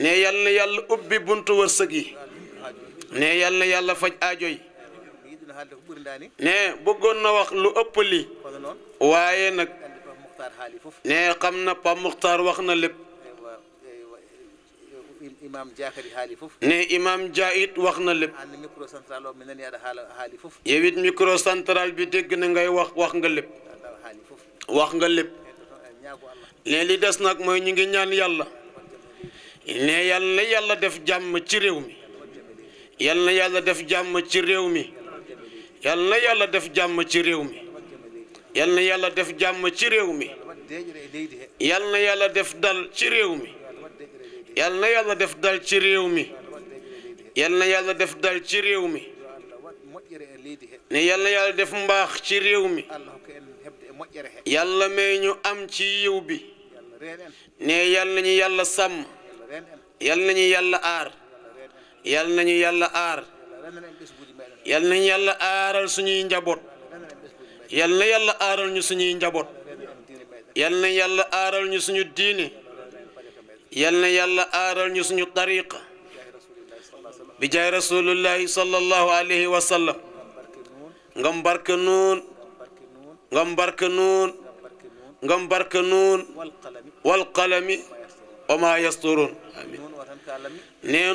ne yal na yàlla ubbi buntu wërsëg yi ne yal na yàlla faj aajo yi ne bëggoon na wax lu ëpp li waaye nag ne xam na Pape Mokhtar wax na lépp imam jakadi haali fof ne imam dia wax na lépp hande micro central o minen aɗa haala bi dégg na ngay wax wax nga lépp haali wax nga lépp ne li des nag mooy ñu ngi ñaan yàlla ne yàlla yàlla def jàmm ci réew mi yàlla yàlla def jàmm ci réew mi yàlla yàlla def jàmm ci réew mi yàlla yàlla def ci réew mi yàlla yàlla def dal ci réew mi yal na yàlla def dal ci réew mi yal na yàlla def dal ci réew mi ne yàlla na yàlla def mbaax ci réew mi yàlla may ñu am ci yiw bi ne yal nañu yàlla sàmm yal nañu yàlla aar yal nañu yàlla aar yal nañu yàlla aaral suñuy njaboot yal na yàlla aaral ñu suñuy njaboot yal na yàlla aaral ñu suñu diine يلنا يلا آرل نسني الطريق بجاه رسول الله صلى الله عليه وسلم غم بارك نون غم بارك نون غم بارك نون والقلم وما يسطرون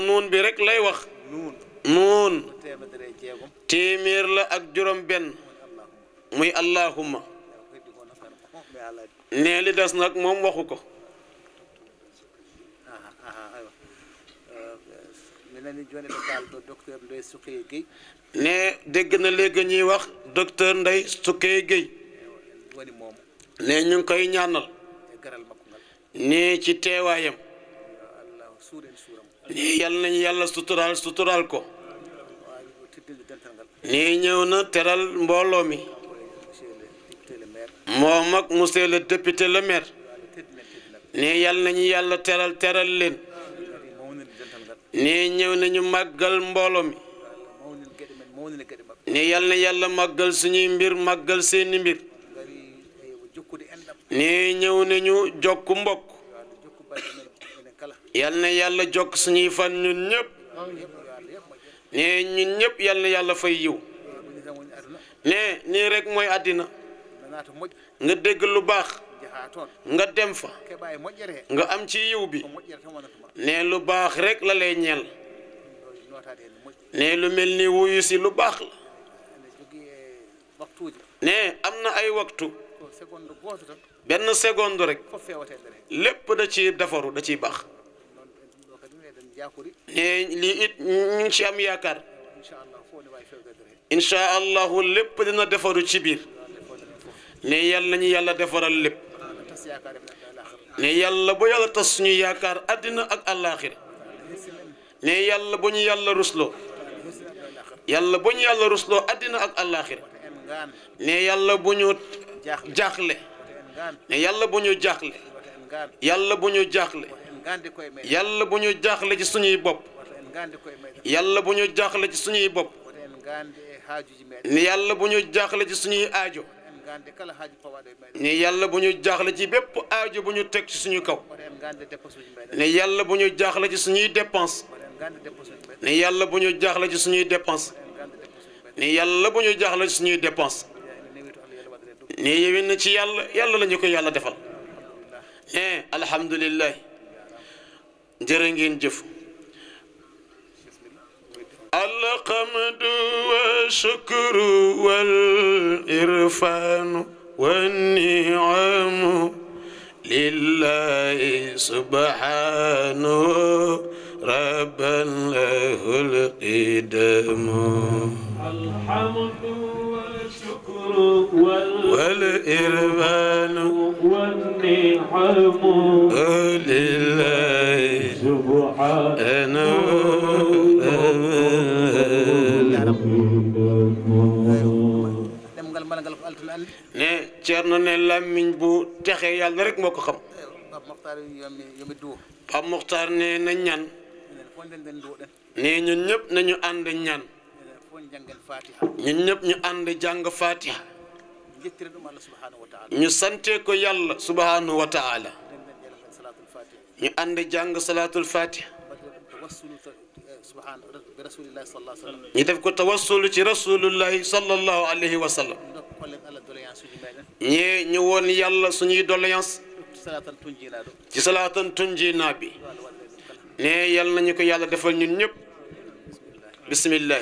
نون برك لا يوخ نون تيمير لا أكجرم بن مي اللهم نيلي داس نك موم واخوكو ne dégg na léegi ñuy wax docteur ndey Soukeye Gueye ne ñu ngi koy ñaanal ne ci teewaayam ne yal nañu yàlla suturaal suturaal ko ne ñëw na teral mbooloo mi moom ak monsieur le député le maire ne yal nañu yàlla teral teral leen nii ñëw nañu màggal mbooloo mi nii yal yàlla màggal suñuy mbir màggal seeni mbir nii ñëw nañu jokk mbokk yal na yàlla jokk suñuy fan ñun ñëpp nee ñun ñëpp yal yàlla fay yiw nee nii rek mooy àddina nga dégg lu baax nga dem fa nga am ci yiw bi ne lu baax rek la lay ñeel ne lu mel ni wuyu si lu baax la ne am na ay waxtu benn seconde rek lépp da ci defaru da ci baax ne lii it ñu ci am yaakaar incha allahu lépp dina defaru ci biir ne yàlla nañu yàlla defaral lépp ne yàlla bu yàlla tas suñu yaakaar àddina ak àllaaxira ne yàlla bu ñu yàlla rusloo yàlla yàlla rusloo àddina ak àllaaxira ne yàlla bu ñu jaaxle ne yàlla bu ñu jaaxle yàlla bu ñu jaaxle yàlla bu ñu jaaxle ci suñuy bopp yàlla bu ñu jaaxle ci suñuy bopp ne yàlla bu ñu jaaxle ci suñuy aajo ni yàlla bu ñu jaaxle ci bépp aajo bu ñu teg ci suñu kaw ni yàlla bu ñu jaaxle ci suñuy dépense ni yàlla bu ñu jaaxle ci suñuy dépense ni yàlla bu ñu jaaxle ci suñuy dépense ni yewén na ci yàlla yàlla la ñu yàlla defal ne eh, alhamdulilah jërë ngeen jëf القمد والشكر والإرفان والنعم لله سبحانه ربا له القدم الحمد والشكر والإرمان والنعم لله سبحانه ne Thierno ne làmmiñ bu texee yàlla rek moo ko xam Pape Mokhtar ne na ñaan ne ñun ñëpp nañu ànd ñaan ñun ñëpp ñu ànd jàng fatiha ñu sante ko yàlla subhanahu wa taala ñu ànd jàng salaatul fatiha eh, ñu def ko tawassul ci rasulullahi sallallahu alayhi wa sallam ñee ñu woon yàlla suñuy doléance ci salaatan tunjina bi ne yàlla nañu ko yàlla defal ñun ñëpp bismillah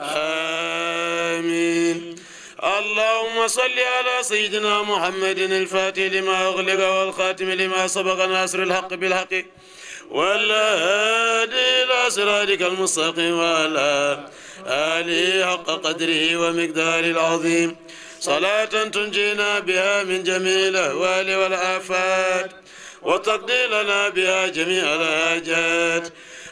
آمين اللهم صل على سيدنا محمد الفاتح لما أغلق والخاتم لما سبق ناصر الحق بالحق والهادي إلى صراطك المستقيم وعلى آله حق قدره ومقدار العظيم صلاة تنجينا بها من جميع الأهوال والآفات وتقضي لنا بها جميع الحاجات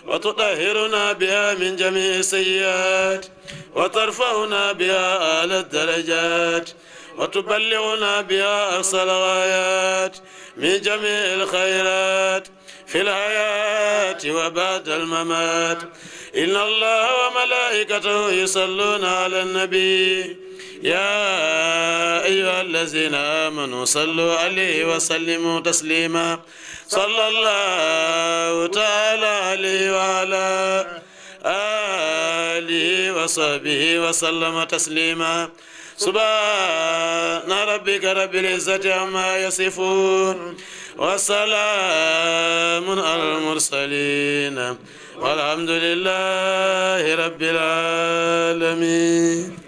وتطهرنا بها من جميع السيئات وترفعنا بها أعلى الدرجات وتبلغنا بها أقصى الغايات من جميع الخيرات في الحياة وبعد الممات إن الله وملائكته يصلون على النبي يا أيها الذين آمنوا صلوا عليه وسلموا تسليما صلى الله تعالى عليه وعلى آله وصحبه وسلم تسليما سبحان ربك رب العزة عما يصفون وسلام على المرسلين والحمد لله رب العالمين